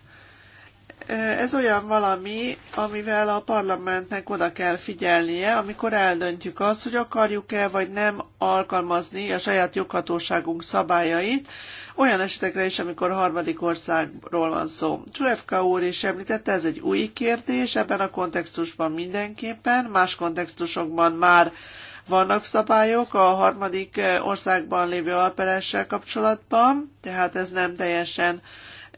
Speaker 1: Ez olyan valami, amivel a parlamentnek oda kell figyelnie, amikor eldöntjük azt, hogy akarjuk-e vagy nem alkalmazni a saját joghatóságunk szabályait, olyan esetekre is, amikor harmadik országról van szó. Csúlevka úr is említette, ez egy új kérdés, ebben a kontextusban mindenképpen, más kontextusokban már vannak szabályok a harmadik eh, országban lévő alperessel kapcsolatban, tehát ez nem teljesen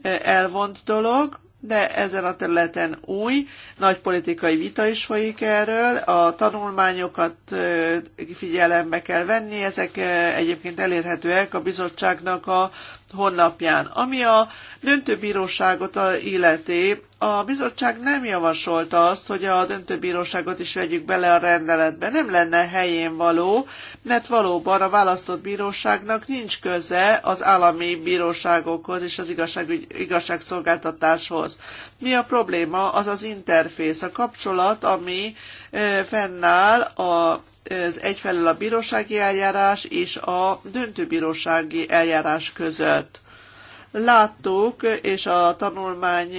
Speaker 1: eh, elvont dolog, de ezen a területen új, nagy politikai vita is folyik erről, a tanulmányokat figyelembe kell venni, ezek egyébként elérhetőek a bizottságnak a honlapján. Ami a döntőbíróságot illeti, a bizottság nem javasolta azt, hogy a döntőbíróságot is vegyük bele a rendeletbe. Nem lenne helyén való, mert valóban a választott bíróságnak nincs köze az állami bíróságokhoz és az igazságügy, igazságszolgáltatáshoz. Mi a probléma? Az az interfész, a kapcsolat, ami fennáll a ez egyfelől a bírósági eljárás és a döntőbírósági eljárás között. Láttuk, és a tanulmány,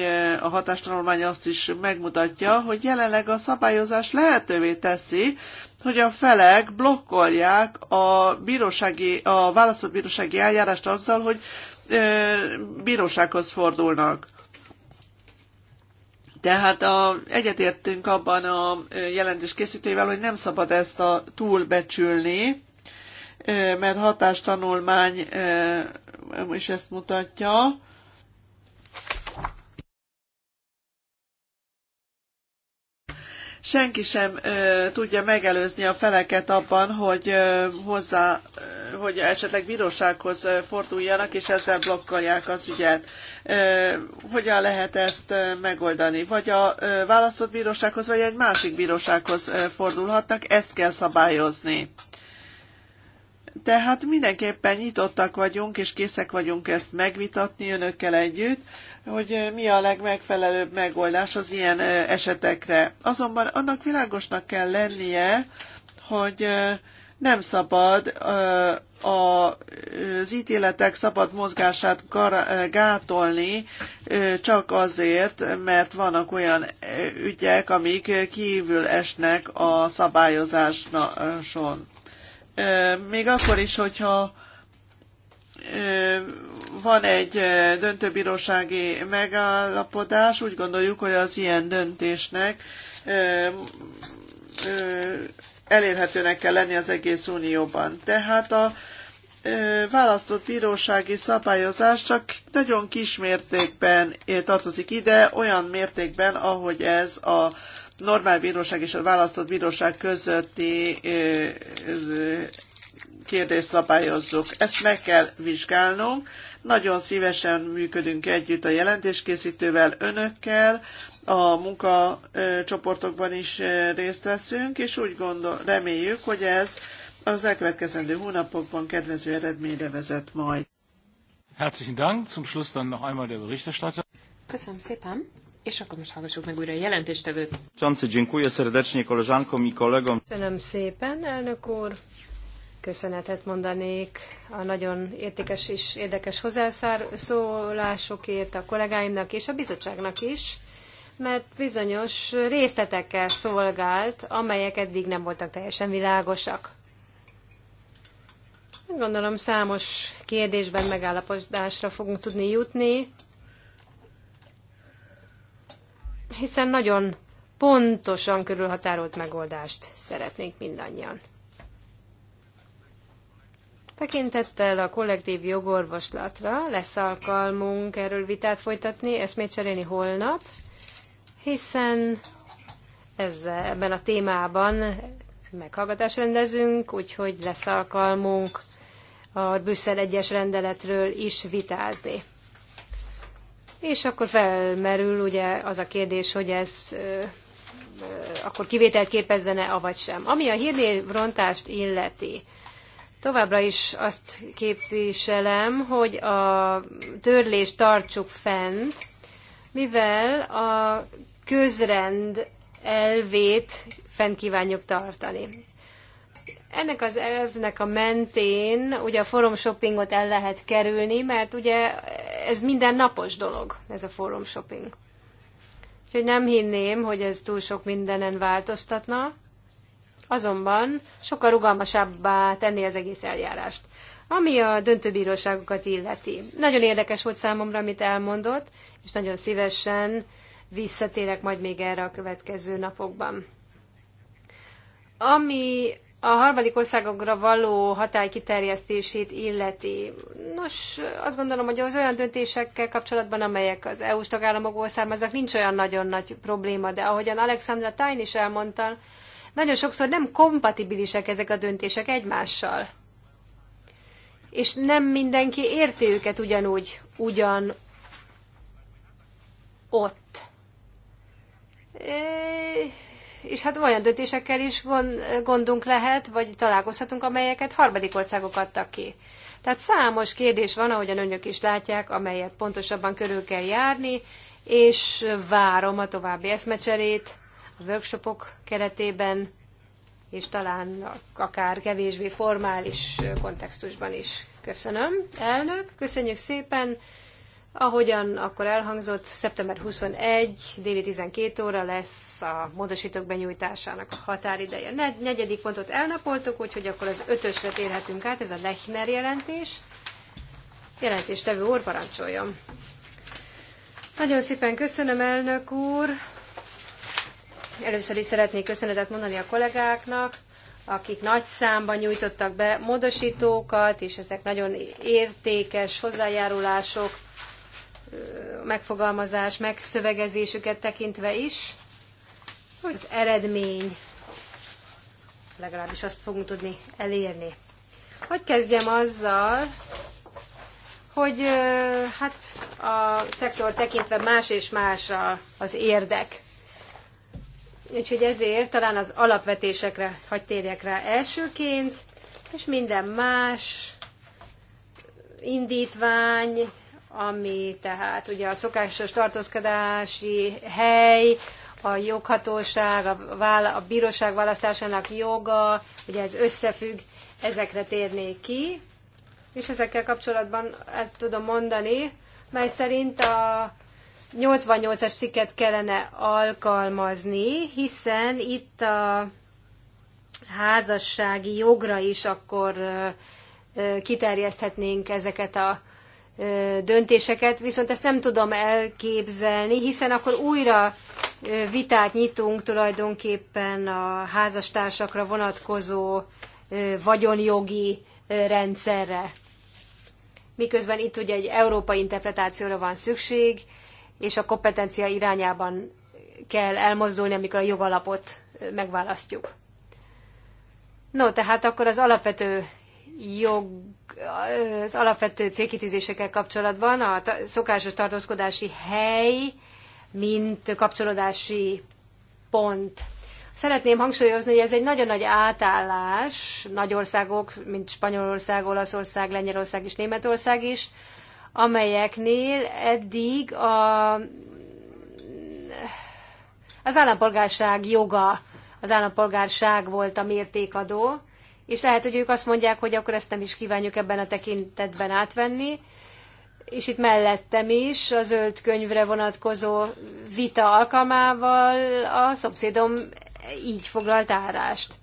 Speaker 1: a hatástanulmány azt is megmutatja, hogy jelenleg a szabályozás lehetővé teszi, hogy a felek blokkolják a, bírósági, a választott bírósági eljárást azzal, hogy bírósághoz fordulnak. Tehát a, egyetértünk abban a jelentés készítőivel, hogy nem szabad ezt a túlbecsülni, mert hatástanulmány is ezt mutatja, senki sem ö, tudja megelőzni a feleket abban, hogy ö, hozzá, ö, hogy esetleg bírósághoz forduljanak, és ezzel blokkolják az ügyet. Ö, hogyan lehet ezt ö, megoldani? Vagy a ö, választott bírósághoz, vagy egy másik bírósághoz ö, fordulhatnak, ezt kell szabályozni. Tehát mindenképpen nyitottak vagyunk, és készek vagyunk ezt megvitatni önökkel együtt, hogy eh, mi a legmegfelelőbb megoldás az ilyen eh, esetekre. Azonban annak világosnak kell lennie, hogy eh, nem szabad az ítéletek szabad mozgását gátolni csak azért, mert vannak olyan ügyek, amik kívül esnek a szabályozáson. Még akkor is, hogyha van egy döntőbírósági megállapodás, úgy gondoljuk, hogy az ilyen döntésnek elérhetőnek kell lenni az egész unióban. Tehát a választott bírósági szabályozás csak nagyon kis mértékben tartozik ide, olyan mértékben, ahogy ez a normál bíróság és a választott bíróság közötti kérdést szabályozzuk. Ezt meg kell vizsgálnunk. Nagyon szívesen működünk együtt a jelentéskészítővel, önökkel, a munkacsoportokban is eh, részt veszünk, és úgy gondol, reméljük, hogy ez az elkövetkezendő hónapokban kedvező eredményre vezet majd. Herzlichen Dank. Zum Schluss dann noch einmal der Berichterstatter.
Speaker 3: Köszönöm szépen. És akkor most hallgassuk meg újra a jelentéstevőt.
Speaker 1: Csanci, dziękuję serdecznie koleżankom i kolegom.
Speaker 2: Köszönöm szépen, elnök úr köszönetet mondanék a nagyon értékes és érdekes hozzászólásokért a kollégáimnak és a bizottságnak is, mert bizonyos részletekkel szolgált, amelyek eddig nem voltak teljesen világosak. Gondolom számos kérdésben megállapodásra fogunk tudni jutni, hiszen nagyon pontosan körülhatárolt megoldást szeretnénk mindannyian. Tekintettel a kollektív jogorvoslatra lesz alkalmunk erről vitát folytatni, eszmét cserélni holnap, hiszen ez, ebben a témában meghallgatást rendezünk, úgyhogy lesz alkalmunk a Brüsszel egyes rendeletről is vitázni. És akkor felmerül ugye az a kérdés, hogy ez akkor kivételt képezzene, avagy sem. Ami a hírnévrontást illeti, Továbbra is azt képviselem, hogy a törlést tartsuk fent, mivel a közrend elvét fent kívánjuk tartani. Ennek az elvnek a mentén ugye a forum shoppingot el lehet kerülni, mert ugye ez minden napos dolog, ez a forum shopping. Úgyhogy nem hinném, hogy ez túl sok mindenen változtatna, Azonban sokkal rugalmasabbá tenni az egész eljárást, ami a döntőbíróságokat illeti. Nagyon érdekes volt számomra, amit elmondott, és nagyon szívesen visszatérek majd még erre a következő napokban. Ami a harmadik országokra való hatály kiterjesztését illeti. Nos, azt gondolom, hogy az olyan döntésekkel kapcsolatban, amelyek az EU-s tagállamokból származnak, nincs olyan nagyon nagy probléma, de ahogyan Alexandra Tain is elmondta, nagyon sokszor nem kompatibilisek ezek a döntések egymással. És nem mindenki érti őket ugyanúgy, ugyan ott. És hát olyan döntésekkel is gondunk lehet, vagy találkozhatunk, amelyeket harmadik országok adtak ki. Tehát számos kérdés van, ahogyan önök is látják, amelyet pontosabban körül kell járni, és várom a további eszmecserét workshopok keretében, és talán akár kevésbé formális kontextusban is. Köszönöm, elnök, köszönjük szépen. Ahogyan akkor elhangzott, szeptember 21, déli 12 óra lesz a módosítók benyújtásának a határideje. Ned, negyedik pontot elnapoltuk, úgyhogy akkor az ötösre térhetünk át, ez a Lechner jelentés. Jelentéstevő úr, parancsoljon. Nagyon szépen köszönöm, elnök úr. Először is szeretnék köszönetet mondani a kollégáknak, akik nagy számban nyújtottak be módosítókat, és ezek nagyon értékes hozzájárulások, megfogalmazás, megszövegezésüket tekintve is. Az eredmény legalábbis azt fogunk tudni elérni. Hogy kezdjem azzal, hogy hát a szektor tekintve más és más az érdek. Úgyhogy ezért talán az alapvetésekre hagy térjek rá elsőként, és minden más indítvány, ami tehát ugye a szokásos tartózkodási hely, a joghatóság, a, vála, a bíróság választásának joga, ugye ez összefügg, ezekre térnék ki, és ezekkel kapcsolatban el tudom mondani, mely szerint a 88-as cikket kellene alkalmazni, hiszen itt a házassági jogra is akkor kiterjeszthetnénk ezeket a döntéseket, viszont ezt nem tudom elképzelni, hiszen akkor újra vitát nyitunk tulajdonképpen a házastársakra vonatkozó vagyonjogi rendszerre. Miközben itt ugye egy európai interpretációra van szükség, és a kompetencia irányában kell elmozdulni, amikor a jogalapot megválasztjuk. No, tehát akkor az alapvető jog, az alapvető célkitűzésekkel kapcsolatban a szokásos tartózkodási hely, mint kapcsolódási pont. Szeretném hangsúlyozni, hogy ez egy nagyon nagy átállás nagy országok, mint Spanyolország, Olaszország, Lengyelország és Németország is, amelyeknél eddig a, az állampolgárság joga, az állampolgárság volt a mértékadó, és lehet, hogy ők azt mondják, hogy akkor ezt nem is kívánjuk ebben a tekintetben átvenni, és itt mellettem is a zöld könyvre vonatkozó vita alkalmával a szomszédom így foglalt árást.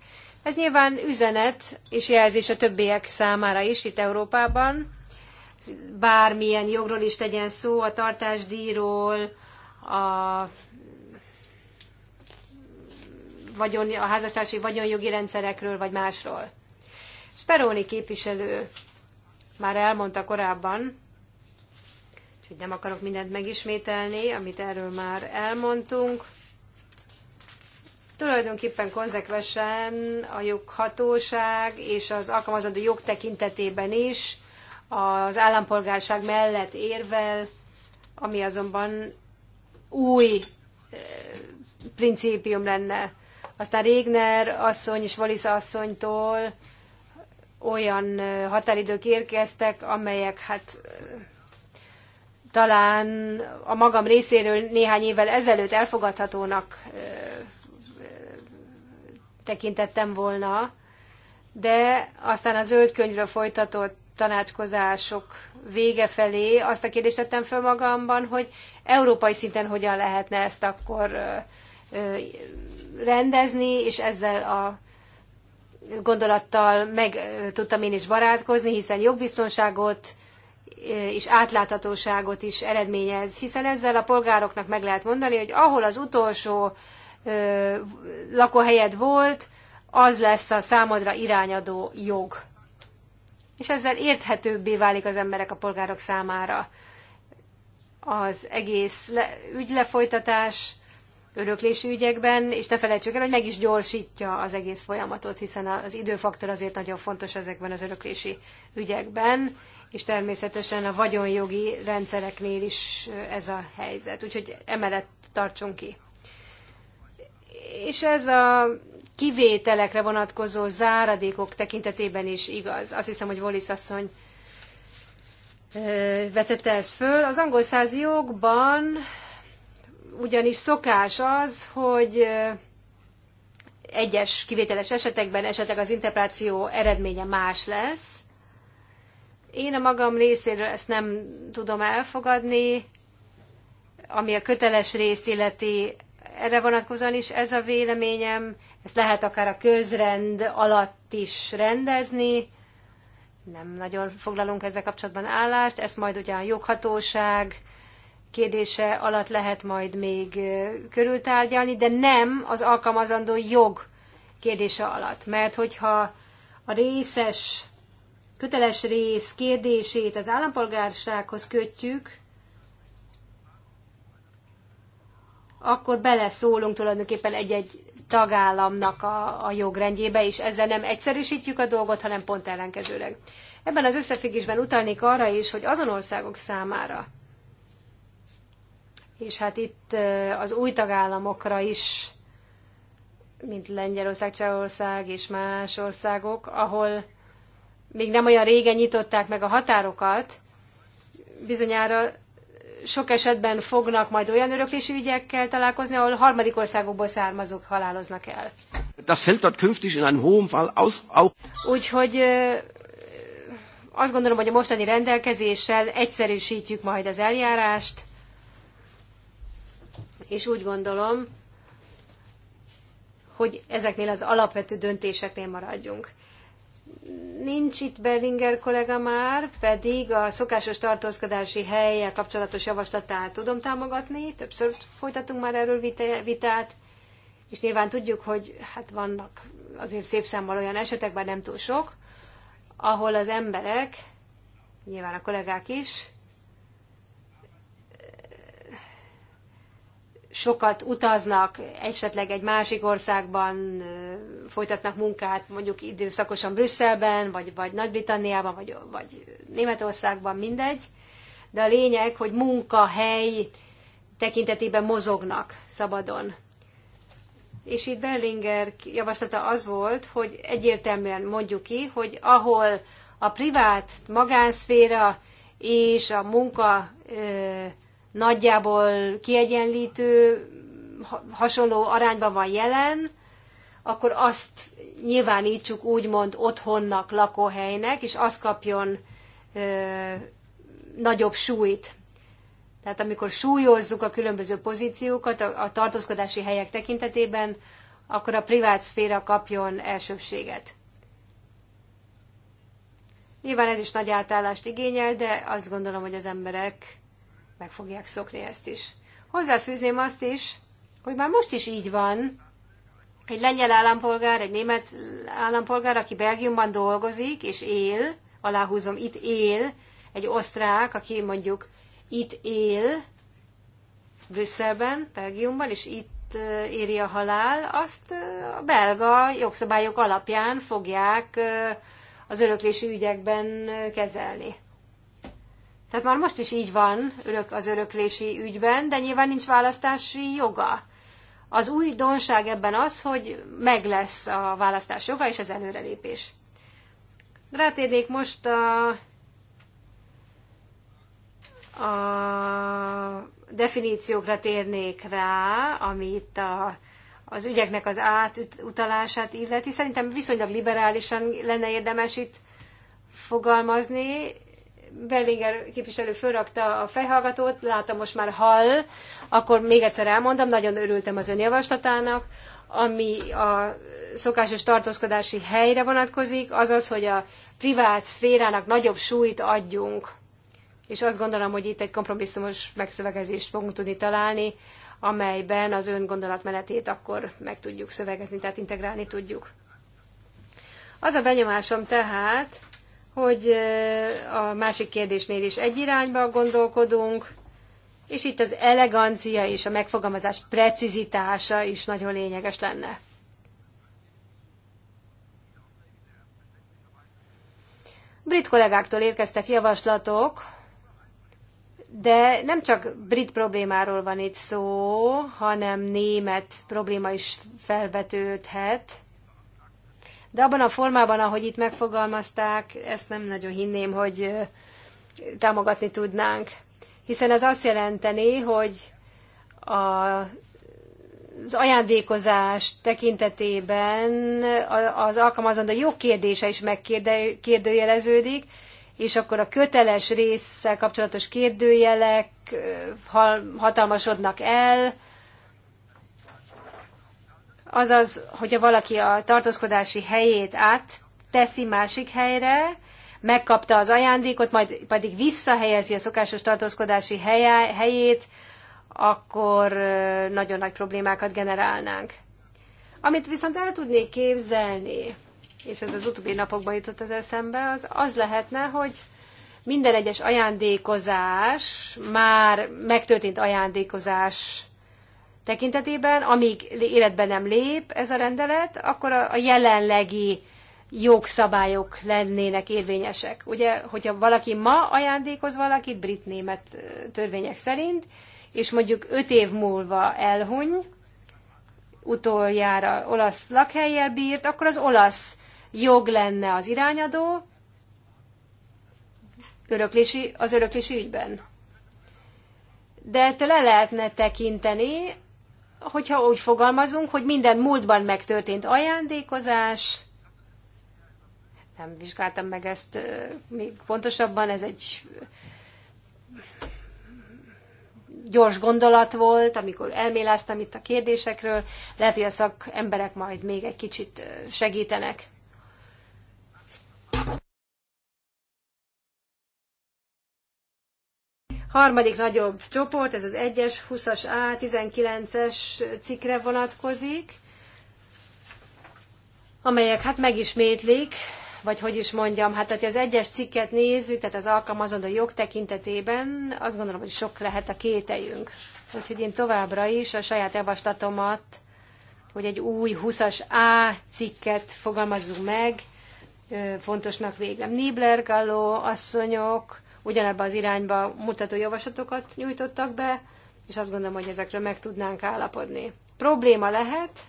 Speaker 2: Ez nyilván üzenet és jelzés a többiek számára is itt Európában, bármilyen jogról is tegyen szó, a tartásdíjról, a vagyon, a házastársi vagyonjogi rendszerekről, vagy másról. Speroni képviselő már elmondta korábban, hogy nem akarok mindent megismételni, amit erről már elmondtunk. Tulajdonképpen konzekvesen a joghatóság és az alkalmazandó jog tekintetében is az állampolgárság mellett érvel, ami azonban új eh, principium lenne. Aztán Régner asszony és Valisza asszonytól olyan eh, határidők érkeztek, amelyek hát eh, talán a magam részéről néhány évvel ezelőtt elfogadhatónak tekintettem volna, de aztán a zöld könyvről folytatott tanácskozások vége felé azt a kérdést tettem föl magamban, hogy európai szinten hogyan lehetne ezt akkor rendezni, és ezzel a gondolattal meg tudtam én is barátkozni, hiszen jogbiztonságot és átláthatóságot is eredményez, hiszen ezzel a polgároknak meg lehet mondani, hogy ahol az utolsó lakóhelyed volt, az lesz a számodra irányadó jog és ezzel érthetőbbé válik az emberek a polgárok számára. Az egész le, ügylefolytatás öröklési ügyekben, és ne felejtsük el, hogy meg is gyorsítja az egész folyamatot, hiszen az időfaktor azért nagyon fontos ezekben az öröklési ügyekben, és természetesen a vagyonjogi rendszereknél is ez a helyzet. Úgyhogy emellett tartsunk ki. És ez a kivételekre vonatkozó záradékok tekintetében is igaz. Azt hiszem, hogy Wallis asszony vetette ezt föl. Az angol száz jogban ugyanis szokás az, hogy egyes kivételes esetekben esetleg az interpretáció eredménye más lesz. Én a magam részéről ezt nem tudom elfogadni, ami a köteles részt illeti erre vonatkozóan is ez a véleményem, ezt lehet akár a közrend alatt is rendezni, nem nagyon foglalunk ezzel kapcsolatban állást, ezt majd ugye a joghatóság kérdése alatt lehet majd még körültárgyalni, de nem az alkalmazandó jog kérdése alatt. Mert hogyha a részes, köteles rész kérdését az állampolgársághoz kötjük, akkor beleszólunk tulajdonképpen egy-egy tagállamnak a, a jogrendjébe, és ezzel nem egyszerűsítjük a dolgot, hanem pont ellenkezőleg. Ebben az összefüggésben utalnék arra is, hogy azon országok számára, és hát itt az új tagállamokra is, mint Lengyelország, Csehország és más országok, ahol még nem olyan régen nyitották meg a határokat, bizonyára sok esetben fognak majd olyan öröklési ügyekkel találkozni, ahol harmadik országokból származók haláloznak el. Das fällt dort künftig in einem hohen Fall aus. Úgyhogy azt gondolom, hogy a mostani rendelkezéssel egyszerűsítjük majd az eljárást, és úgy gondolom, hogy ezeknél az alapvető döntéseknél maradjunk nincs itt Berlinger kollega már, pedig a szokásos tartózkodási helyjel kapcsolatos javaslatát tudom támogatni. Többször folytatunk már erről vitát, és nyilván tudjuk, hogy hát vannak azért szép számmal olyan esetek, bár nem túl sok, ahol az emberek, nyilván a kollégák is, sokat utaznak, esetleg egy másik országban folytatnak munkát, mondjuk időszakosan Brüsszelben, vagy, vagy Nagy-Britanniában, vagy, vagy Németországban, mindegy. De a lényeg, hogy munkahely tekintetében mozognak szabadon. És itt Berlinger javaslata az volt, hogy egyértelműen mondjuk ki, hogy ahol a privát magánszféra és a munka nagyjából kiegyenlítő, hasonló arányban van jelen, akkor azt nyilvánítsuk úgymond otthonnak, lakóhelynek, és az kapjon ö, nagyobb súlyt. Tehát amikor súlyozzuk a különböző pozíciókat a, a tartózkodási helyek tekintetében, akkor a privát szféra kapjon elsőbséget. Nyilván ez is nagy átállást igényel, de azt gondolom, hogy az emberek meg fogják szokni ezt is. Hozzáfűzném azt is, hogy már most is így van, egy lengyel állampolgár, egy német állampolgár, aki Belgiumban dolgozik és él, aláhúzom, itt él, egy osztrák, aki mondjuk itt él, Brüsszelben, Belgiumban, és itt éri a halál, azt a belga jogszabályok alapján fogják az öröklési ügyekben kezelni. Tehát már most is így van örök az öröklési ügyben, de nyilván nincs választási joga. Az új donság ebben az, hogy meg lesz a választás joga és az előrelépés. Rátérnék most a, a definíciókra térnék rá, amit a, az ügyeknek az átutalását illeti. Szerintem viszonylag liberálisan lenne érdemes itt fogalmazni, Bellinger képviselő fölrakta a fejhallgatót, látom most már hall, akkor még egyszer elmondom, nagyon örültem az ön javaslatának, ami a szokásos tartózkodási helyre vonatkozik, azaz, hogy a privát szférának nagyobb súlyt adjunk. És azt gondolom, hogy itt egy kompromisszumos megszövegezést fogunk tudni találni, amelyben az ön gondolatmenetét akkor meg tudjuk szövegezni, tehát integrálni tudjuk. Az a benyomásom tehát, hogy a másik kérdésnél is egy irányba gondolkodunk, és itt az elegancia és a megfogalmazás precizitása is nagyon lényeges lenne. Brit kollégáktól érkeztek javaslatok, de nem csak brit problémáról van itt szó, hanem német probléma is felvetődhet de abban a formában, ahogy itt megfogalmazták, ezt nem nagyon hinném, hogy támogatni tudnánk. Hiszen ez azt jelenteni, hogy a, az ajándékozás tekintetében az alkalmazandó kérdése is megkérdőjeleződik, és akkor a köteles résszel kapcsolatos kérdőjelek hatalmasodnak el, Azaz, hogyha valaki a tartózkodási helyét átteszi másik helyre, megkapta az ajándékot, majd pedig visszahelyezi a szokásos tartózkodási helyét, akkor nagyon nagy problémákat generálnánk. Amit viszont el tudnék képzelni, és ez az utóbbi napokban jutott az eszembe, az az lehetne, hogy minden egyes ajándékozás, már megtörtént ajándékozás tekintetében, amíg életben nem lép ez a rendelet, akkor a jelenlegi jogszabályok lennének érvényesek. Ugye, hogyha valaki ma ajándékoz valakit brit-német törvények szerint, és mondjuk öt év múlva elhuny, utoljára olasz lakhelyjel bírt, akkor az olasz jog lenne az irányadó öröklési, az öröklési ügyben. De te le lehetne tekinteni hogyha úgy fogalmazunk, hogy minden múltban megtörtént ajándékozás, nem vizsgáltam meg ezt még pontosabban, ez egy gyors gondolat volt, amikor elméláztam itt a kérdésekről. Lehet, hogy a szakemberek majd még egy kicsit segítenek. Harmadik nagyobb csoport, ez az 1-es, 20-as A, 19-es cikkre vonatkozik, amelyek hát megismétlik, vagy hogy is mondjam, hát hogyha az egyes cikket nézzük, tehát az alkalmazandó jog tekintetében, azt gondolom, hogy sok lehet a kételjünk. Úgyhogy én továbbra is a saját javaslatomat, hogy egy új 20-as A cikket fogalmazzunk meg, fontosnak végem. Nibler, Galló, asszonyok, ugyanebbe az irányba mutató javaslatokat nyújtottak be, és azt gondolom, hogy ezekről meg tudnánk állapodni. Probléma lehet,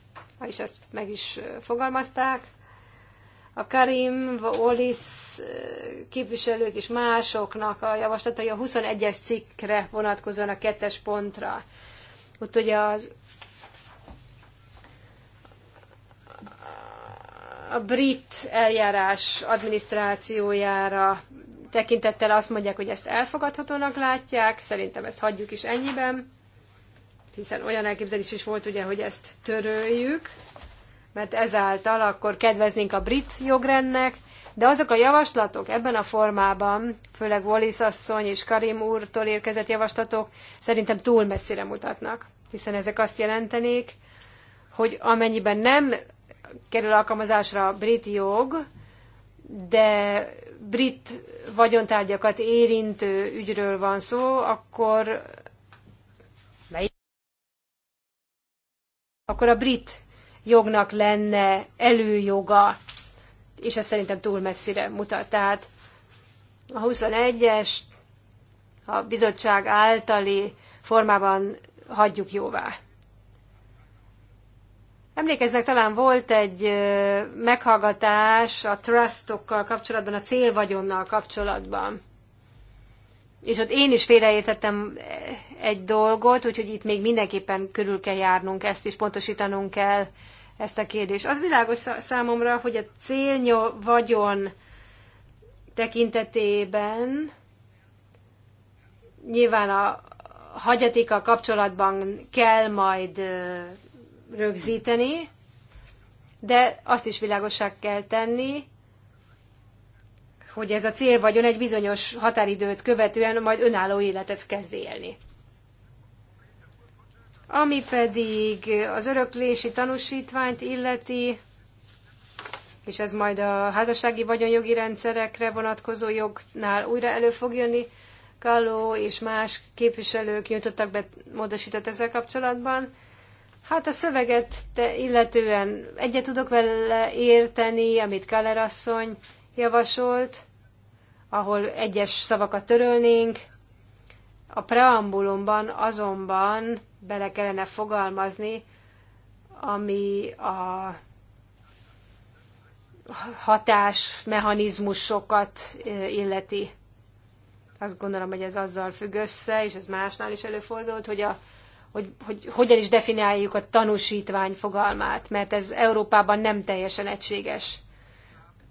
Speaker 2: és ezt meg is fogalmazták, a Karim, Olis képviselők és másoknak a javaslatai a 21-es cikkre vonatkozóan a kettes pontra. Ott ugye az a brit eljárás adminisztrációjára tekintettel azt mondják, hogy ezt elfogadhatónak látják, szerintem ezt hagyjuk is ennyiben, hiszen olyan elképzelés is volt ugye, hogy ezt töröljük, mert ezáltal akkor kedveznénk a brit jogrendnek, de azok a javaslatok ebben a formában, főleg Wallis asszony és Karim úrtól érkezett javaslatok szerintem túl messzire mutatnak, hiszen ezek azt jelentenék, hogy amennyiben nem kerül alkalmazásra a brit jog, de brit vagyontárgyakat érintő ügyről van szó, akkor akkor a brit jognak lenne előjoga, és ez szerintem túl messzire mutat. Tehát a 21-es a bizottság általi formában hagyjuk jóvá. Emlékeznek, talán volt egy meghallgatás a trustokkal kapcsolatban, a célvagyonnal kapcsolatban. És ott én is félreértettem eh, egy dolgot, úgyhogy itt még mindenképpen körül kell járnunk ezt, és pontosítanunk kell ezt a kérdést. Az világos számomra, hogy a célnyó vagyon tekintetében nyilván a hagyatékkal kapcsolatban kell majd rögzíteni, de azt is világosság kell tenni, hogy ez a cél vagyon egy bizonyos határidőt követően majd önálló életet kezd élni. Ami pedig az öröklési tanúsítványt illeti, és ez majd a házassági vagyonjogi rendszerekre vonatkozó jognál újra elő fog jönni, Kalló és más képviselők nyújtottak be módosítat ezzel kapcsolatban. Hát a szöveget te illetően egyet tudok vele érteni, amit Keller asszony javasolt, ahol egyes szavakat törölnénk. A preambulumban azonban bele kellene fogalmazni, ami a hatásmechanizmusokat illeti. Azt gondolom, hogy ez azzal függ össze, és ez másnál is előfordult, hogy a hogy, hogy hogyan is definiáljuk a tanúsítvány fogalmát, mert ez Európában nem teljesen egységes.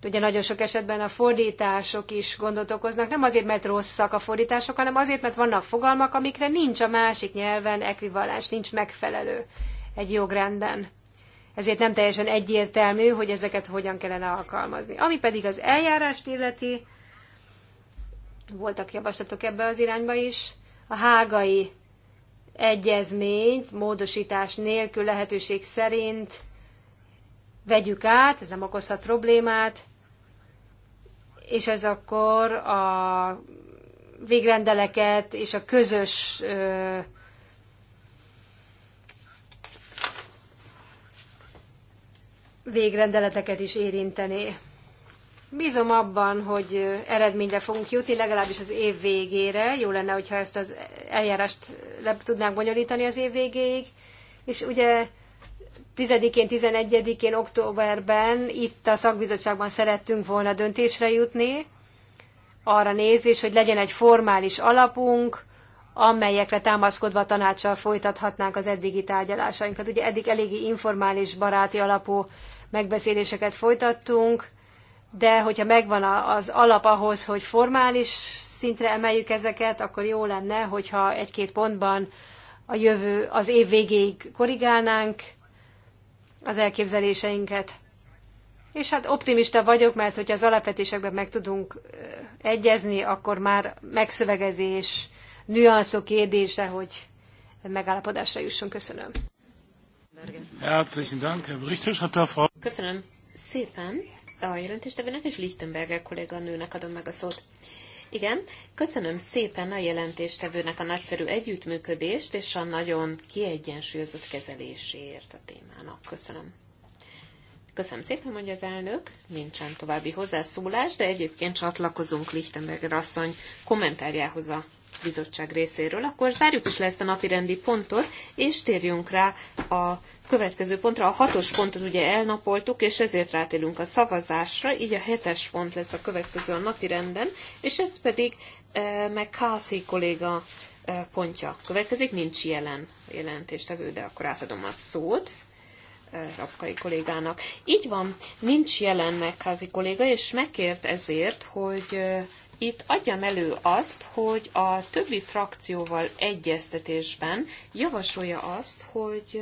Speaker 2: Ugye nagyon sok esetben a fordítások is gondot okoznak, nem azért, mert rosszak a fordítások, hanem azért, mert vannak fogalmak, amikre nincs a másik nyelven ekvivalens, nincs megfelelő egy jogrendben. Ezért nem teljesen egyértelmű, hogy ezeket hogyan kellene alkalmazni. Ami pedig az eljárást illeti, voltak javaslatok ebbe az irányba is, a hágai egyezményt módosítás nélkül lehetőség szerint vegyük át, ez nem okozhat problémát, és ez akkor a végrendeleket és a közös ö, végrendeleteket is érinteni. Bízom abban, hogy eredményre fogunk jutni, legalábbis az év végére. Jó lenne, hogyha ezt az eljárást le tudnánk bonyolítani az év végéig. És ugye 10-én, 11-én, októberben itt a szakbizottságban szerettünk volna döntésre jutni, arra nézvés, hogy legyen egy formális alapunk, amelyekre támaszkodva a tanácssal folytathatnánk az eddigi tárgyalásainkat. Ugye eddig eléggé informális, baráti alapú megbeszéléseket folytattunk, de hogyha megvan az alap ahhoz, hogy formális szintre emeljük ezeket, akkor jó lenne, hogyha egy-két pontban a jövő, az év végéig korrigálnánk az elképzeléseinket. És hát optimista vagyok, mert hogyha az alapvetésekben meg tudunk egyezni, akkor már megszövegezés, nüanszok kérdése, hogy
Speaker 3: megállapodásra jusson. Köszönöm.
Speaker 1: Herzlichen Dank, Herr Frau.
Speaker 3: Köszönöm szépen a jelentéstevőnek, és Lichtenberger kolléganőnek adom meg a szót. Igen, köszönöm szépen a jelentéstevőnek a nagyszerű együttműködést és a nagyon kiegyensúlyozott kezeléséért a témának. Köszönöm. Köszönöm szépen, mondja az elnök. Nincsen további hozzászólás, de egyébként csatlakozunk Lichtenberger asszony kommentárjához a bizottság részéről. Akkor zárjuk is le ezt a napirendi pontot, és térjünk rá a következő pontra. A hatos pontot ugye elnapoltuk, és ezért rátélünk a szavazásra, így a hetes pont lesz a következő a napirenden, és ez pedig e, McCarthy kolléga e, pontja következik, nincs jelen jelentéstevő, de akkor átadom a szót. Eh, Rapkai kollégának. Így van, nincs jelen McCarthy kolléga, és megkért ezért, hogy itt adjam elő azt, hogy a többi frakcióval egyeztetésben javasolja azt, hogy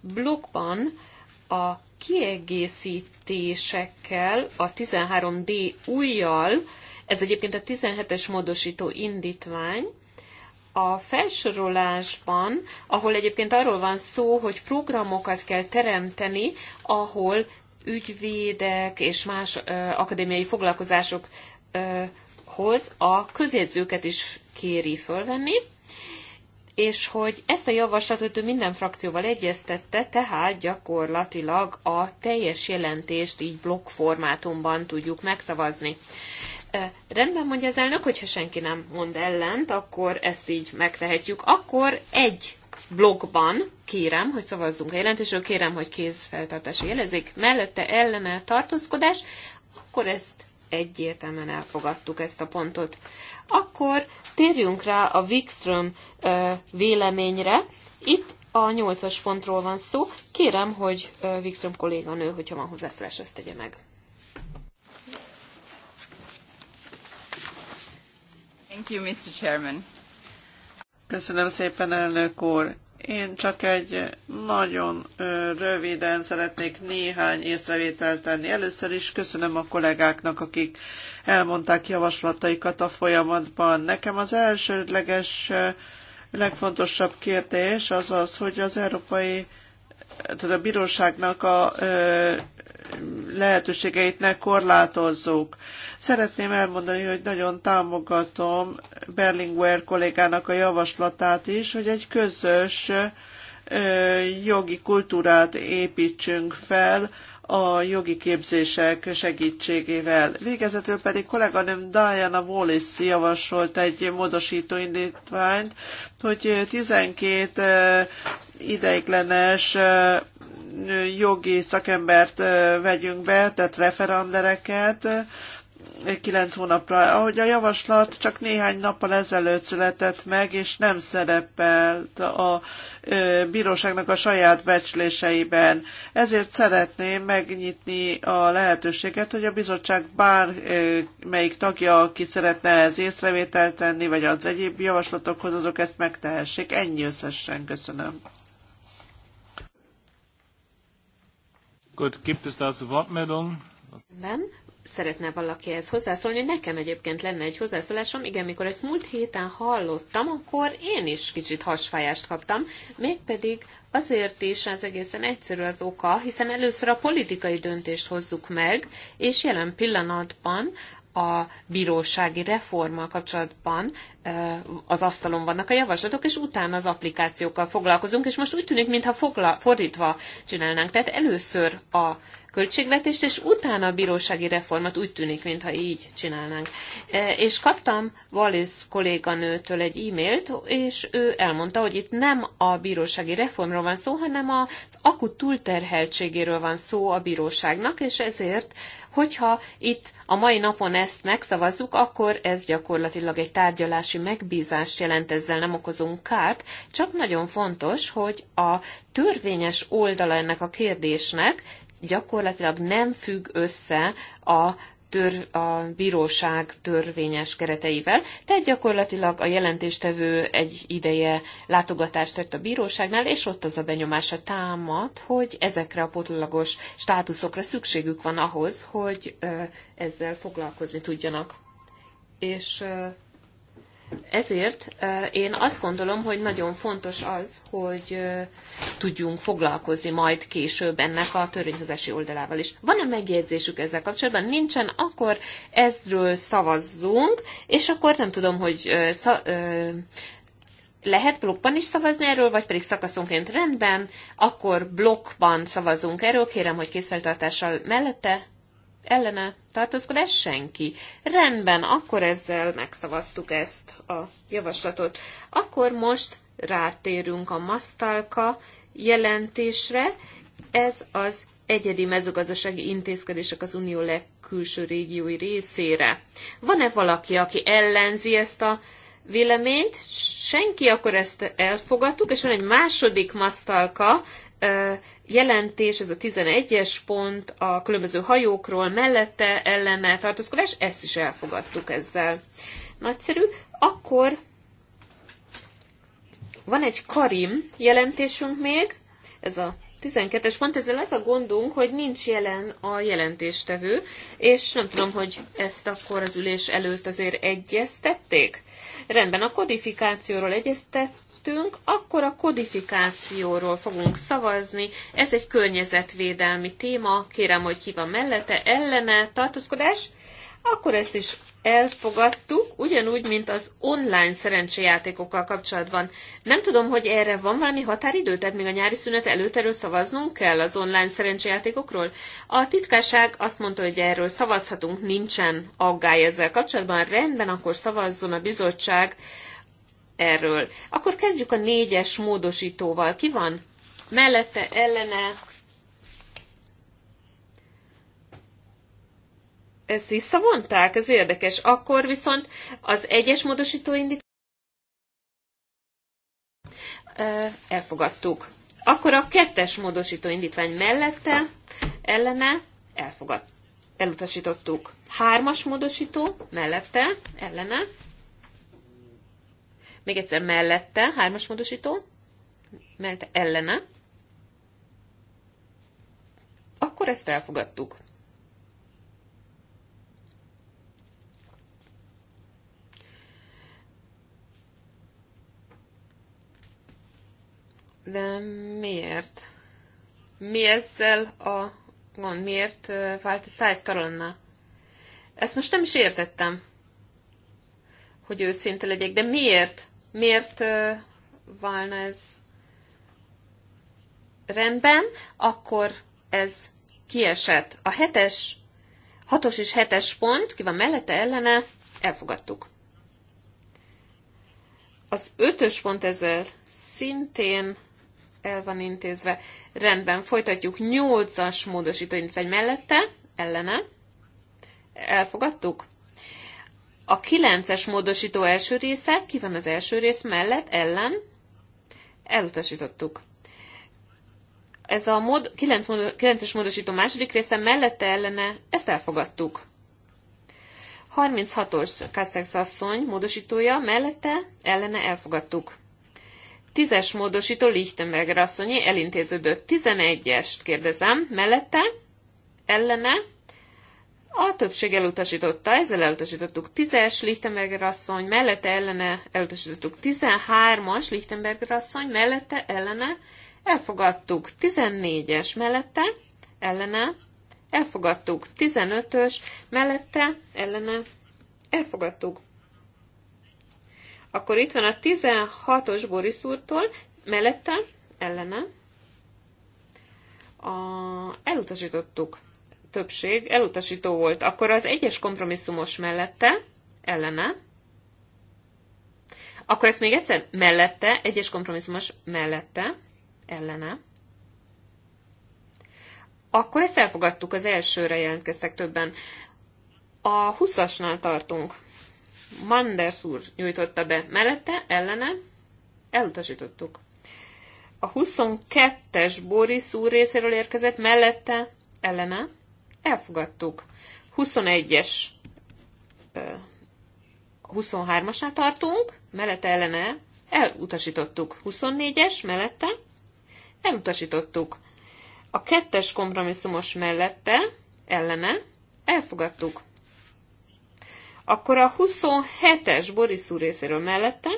Speaker 3: blokkban a kiegészítésekkel, a 13D újjal, ez egyébként a 17-es módosító indítvány, a felsorolásban, ahol egyébként arról van szó, hogy programokat kell teremteni, ahol ügyvédek és más ö, akadémiai foglalkozások ö, ahhoz a közjegyzőket is kéri fölvenni, és hogy ezt a javaslatot ő minden frakcióval egyeztette, tehát gyakorlatilag a teljes jelentést így blokkformátumban tudjuk megszavazni. Rendben mondja az elnök, hogyha senki nem mond ellent, akkor ezt így megtehetjük. Akkor egy blogban kérem, hogy szavazzunk a jelentésről, kérem, hogy kézfeltartási jelezik, mellette ellene tartózkodás, akkor ezt egyértelműen elfogadtuk ezt a pontot. Akkor térjünk rá a Wikström véleményre. Itt a nyolcas pontról van szó. Kérem, hogy Wikström kolléganő, hogyha
Speaker 1: van hozzászólás, ezt tegye meg. Thank you, Mr. Chairman. Köszönöm szépen, elnök úr. Én csak egy nagyon röviden szeretnék néhány észrevételt tenni. Először is köszönöm a kollégáknak, akik elmondták javaslataikat a folyamatban. Nekem az elsődleges, legfontosabb kérdés az az, hogy az európai tehát a bíróságnak a lehetőségeit ne korlátozzuk. Szeretném elmondani, hogy nagyon támogatom Berlinguer kollégának a javaslatát is, hogy egy közös jogi kultúrát építsünk fel, a jogi képzések segítségével. Végezetül pedig kolléganőm Diana Wallis javasolt egy módosító indítványt, hogy 12 ideiglenes jogi szakembert vegyünk be, tehát referendereket, kilenc hónapra. Ahogy a javaslat csak néhány nappal ezelőtt született meg, és nem szerepelt a bíróságnak a saját becsléseiben. Ezért szeretném megnyitni a lehetőséget, hogy a bizottság bármelyik tagja, aki szeretne ez észrevételt tenni, vagy az egyéb javaslatokhoz, azok ezt megtehessék. Ennyi összesen köszönöm. Gut, gibt es dazu Wortmeldungen?
Speaker 3: Nem. Szeretne valaki ehhez hozzászólni? Nekem egyébként lenne egy hozzászólásom. Igen, mikor ezt múlt héten hallottam, akkor én is kicsit hasfájást kaptam, mégpedig Azért is az egészen egyszerű az oka, hiszen először a politikai döntést hozzuk meg, és jelen pillanatban a bírósági reformmal kapcsolatban az asztalon vannak a javaslatok, és utána az applikációkkal foglalkozunk, és most úgy tűnik, mintha fogla, fordítva csinálnánk. Tehát először a költségvetést, és utána a bírósági reformat úgy tűnik, mintha így csinálnánk. E, és kaptam Wallis kolléganőtől egy e-mailt, és ő elmondta, hogy itt nem a bírósági reformról van szó, hanem az akut túlterheltségéről van szó a bíróságnak, és ezért hogyha itt a mai napon ezt megszavazzuk, akkor ez gyakorlatilag egy tárgyalási megbízást jelent, ezzel nem okozunk kárt, csak nagyon fontos, hogy a törvényes oldala ennek a kérdésnek gyakorlatilag nem függ össze a tör, a bíróság törvényes kereteivel, tehát gyakorlatilag a jelentéstevő egy ideje látogatást tett a bíróságnál, és ott az a benyomása támad, hogy ezekre a potlagos státuszokra szükségük van ahhoz, hogy ezzel foglalkozni tudjanak. És ezért én azt gondolom, hogy nagyon fontos az, hogy tudjunk foglalkozni majd később ennek a törvényhozási oldalával is. Van-e megjegyzésük ezzel kapcsolatban? Nincsen, akkor ezről szavazzunk, és akkor nem tudom, hogy lehet blokkban is szavazni erről, vagy pedig szakaszonként rendben, akkor blokkban szavazunk erről. Kérem, hogy készfeltartással mellette ellene tartózkodás senki. Rendben, akkor ezzel megszavaztuk ezt a javaslatot. Akkor most rátérünk a masztalka jelentésre. Ez az egyedi mezőgazdasági intézkedések az unió legkülső régiói részére. Van-e valaki, aki ellenzi ezt a véleményt? Senki, akkor ezt elfogadtuk, és van egy második masztalka jelentés, ez a 11-es pont a különböző hajókról mellette ellene tartózkodás, ezt is elfogadtuk ezzel. Nagyszerű. Akkor van egy Karim jelentésünk még, ez a 12-es pont, ezzel az a gondunk, hogy nincs jelen a jelentéstevő, és nem tudom, hogy ezt akkor az ülés előtt azért egyeztették. Rendben, a kodifikációról egyeztették, tettünk, akkor a kodifikációról fogunk szavazni. Ez egy környezetvédelmi téma, kérem, hogy ki van mellette, ellene, tartózkodás. Akkor ezt is elfogadtuk, ugyanúgy, mint az online szerencsejátékokkal kapcsolatban. Nem tudom, hogy erre van valami határidő, tehát még a nyári szünet előtt erről szavaznunk kell az online szerencsejátékokról. A titkárság azt mondta, hogy erről szavazhatunk, nincsen aggály ezzel kapcsolatban. Rendben, akkor szavazzon a bizottság erről. Akkor kezdjük a négyes módosítóval. Ki van? Mellette, ellene. Ezt visszavonták, ez érdekes. Akkor viszont az egyes módosító indít. Elfogadtuk. Akkor a kettes módosító indítvány mellette, ellene, elfogadt. Elutasítottuk. Hármas módosító mellette, ellene, még egyszer mellette, hármas módosító, mellette ellene. Akkor ezt elfogadtuk. De miért? Mi ezzel a gond? Miért vált a szájtalanná? Ezt most nem is értettem, hogy őszinte legyek, de miért miért válna ez rendben, akkor ez kiesett. A hetes, hatos és hetes pont, ki van mellette, ellene, elfogadtuk. Az ötös pont ezzel szintén el van intézve. Rendben, folytatjuk. Nyolcas módosító indítvány mellette, ellene. Elfogadtuk. A 9-es módosító első része, ki van az első rész mellett, ellen, elutasítottuk. Ez a mod, 9, 9-es módosító második része mellette ellene, ezt elfogadtuk. 36-os Kastex asszony módosítója mellette ellene elfogadtuk. 10-es módosító Lichtenberger asszonyi elintéződött. 11-est kérdezem, mellette ellene a többség elutasította, ezzel elutasítottuk 10-es Lichtenberger asszony, mellette ellene elutasítottuk 13-as Lichtenberger asszony, mellette ellene elfogadtuk 14-es mellette ellene, elfogadtuk 15-ös mellette ellene, elfogadtuk. Akkor itt van a 16-os Boris úrtól, mellette ellene, a, elutasítottuk többség elutasító volt. Akkor az egyes kompromisszumos mellette, ellene, akkor ezt még egyszer mellette, egyes kompromisszumos mellette, ellene. Akkor ezt elfogadtuk, az elsőre jelentkeztek többen. A 20-asnál tartunk. Manders úr nyújtotta be mellette, ellene, elutasítottuk. A 22-es Boris úr részéről érkezett mellette, ellene, elfogadtuk. 21-es, 23-asnál tartunk, mellette ellene elutasítottuk. 24-es mellette elutasítottuk. A kettes kompromisszumos mellette ellene elfogadtuk. Akkor a 27-es Boris úr részéről mellette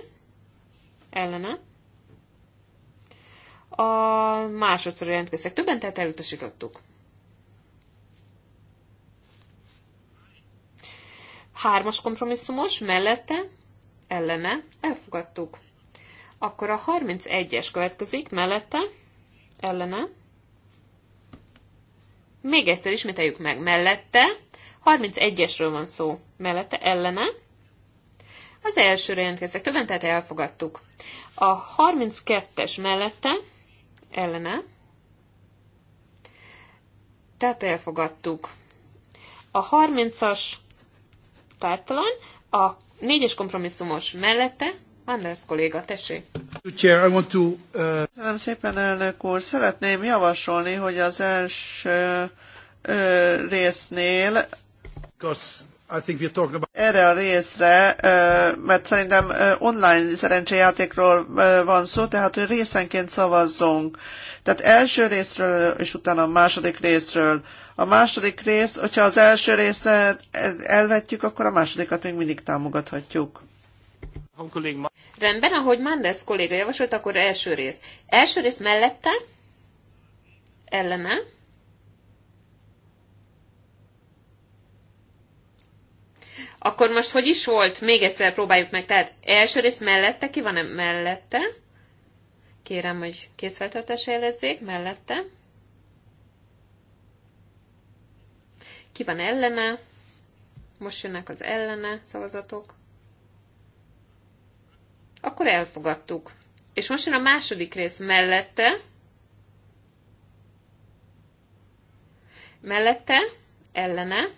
Speaker 3: ellene a másodszor jelentkeztek többen, tehát elutasítottuk. Hármas kompromisszumos, mellette, ellene, elfogadtuk. Akkor a 31-es következik, mellette, ellene. Még egyszer ismételjük meg, mellette. 31-esről van szó, mellette, ellene. Az elsőre jelentkeztek többen, tehát elfogadtuk. A 32-es mellette, ellene. Tehát elfogadtuk. A 30-as pártalan. A
Speaker 1: négyes kompromisszumos mellette Anders kolléga, tessék. Uh, Köszönöm szépen, elnök úr. Szeretném javasolni, hogy az első résznél erre a részre, mert szerintem online szerencséjátékról van szó, tehát hogy részenként szavazzunk. Tehát első részről, és utána a második részről. A második rész, hogyha az első részet elvetjük, akkor a másodikat még mindig támogathatjuk.
Speaker 3: Rendben, ahogy Mandes kolléga javasolt, akkor első rész. Első rész mellette, ellene, Akkor most hogy is volt? Még egyszer próbáljuk meg. Tehát első rész mellette, ki van -e mellette? Kérem, hogy készfeltartás jelezzék, mellette. Ki van ellene? Most jönnek az ellene szavazatok. Akkor elfogadtuk. És most jön a második rész mellette. Mellette, ellene.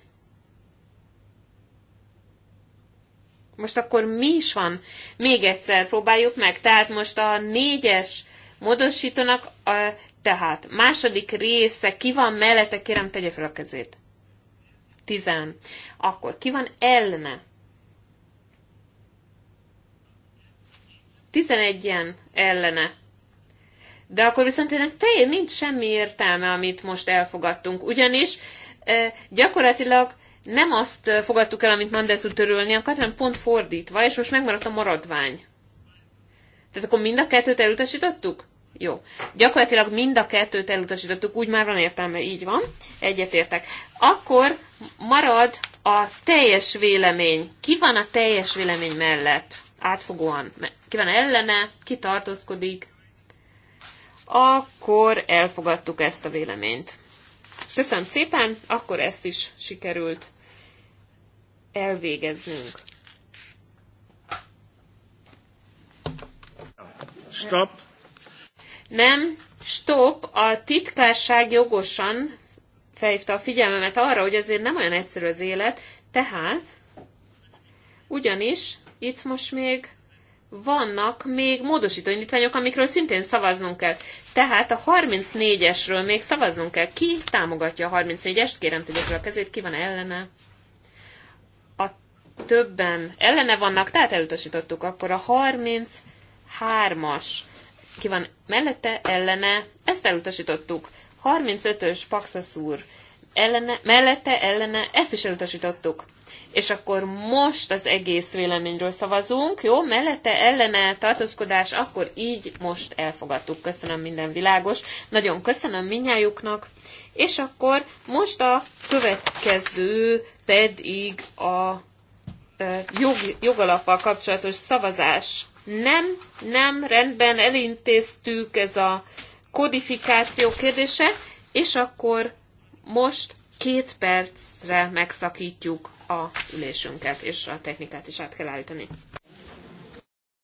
Speaker 3: Most akkor mi is van? Még egyszer próbáljuk meg. Tehát most a négyes módosítónak, a, tehát második része, ki van mellette, kérem tegye fel a kezét. Tizen. Akkor ki van ellene? Tizenegyen ellene. De akkor viszont ennek teljesen nincs semmi értelme, amit most elfogadtunk. Ugyanis gyakorlatilag nem azt fogadtuk el, amit Mandelszú törölni akart, hanem pont fordítva, és most megmaradt a maradvány. Tehát akkor mind a kettőt elutasítottuk? Jó. Gyakorlatilag mind a kettőt elutasítottuk, úgy már van értelme, így van. Egyetértek. Akkor marad a teljes vélemény. Ki van a teljes vélemény mellett? Átfogóan. Ki van ellene? Ki tartózkodik? Akkor elfogadtuk ezt a véleményt. Köszönöm szépen, akkor ezt is sikerült elvégeznünk. Stop. Nem, stop, a titkárság jogosan felhívta a figyelmemet arra, hogy azért nem olyan egyszerű az élet, tehát ugyanis itt most még vannak még módosító indítványok, amikről szintén szavaznunk kell. Tehát a 34-esről még szavaznunk kell. Ki támogatja a 34-est? Kérem, tudjuk a kezét, ki van ellene? A többen ellene vannak, tehát elutasítottuk akkor a 33-as ki van mellette, ellene, ezt elutasítottuk. 35-ös Paxaszúr ellene, mellette, ellene, ezt is elutasítottuk. És akkor most az egész véleményről szavazunk, jó? Mellette, ellene, tartózkodás, akkor így most elfogadtuk. Köszönöm minden világos. Nagyon köszönöm minnyájuknak. És akkor most a következő pedig a jog, jogalappal kapcsolatos szavazás nem, nem, rendben, elintéztük ez a kodifikáció kérdése, és akkor most két percre megszakítjuk az ülésünket, és a technikát is át kell állítani.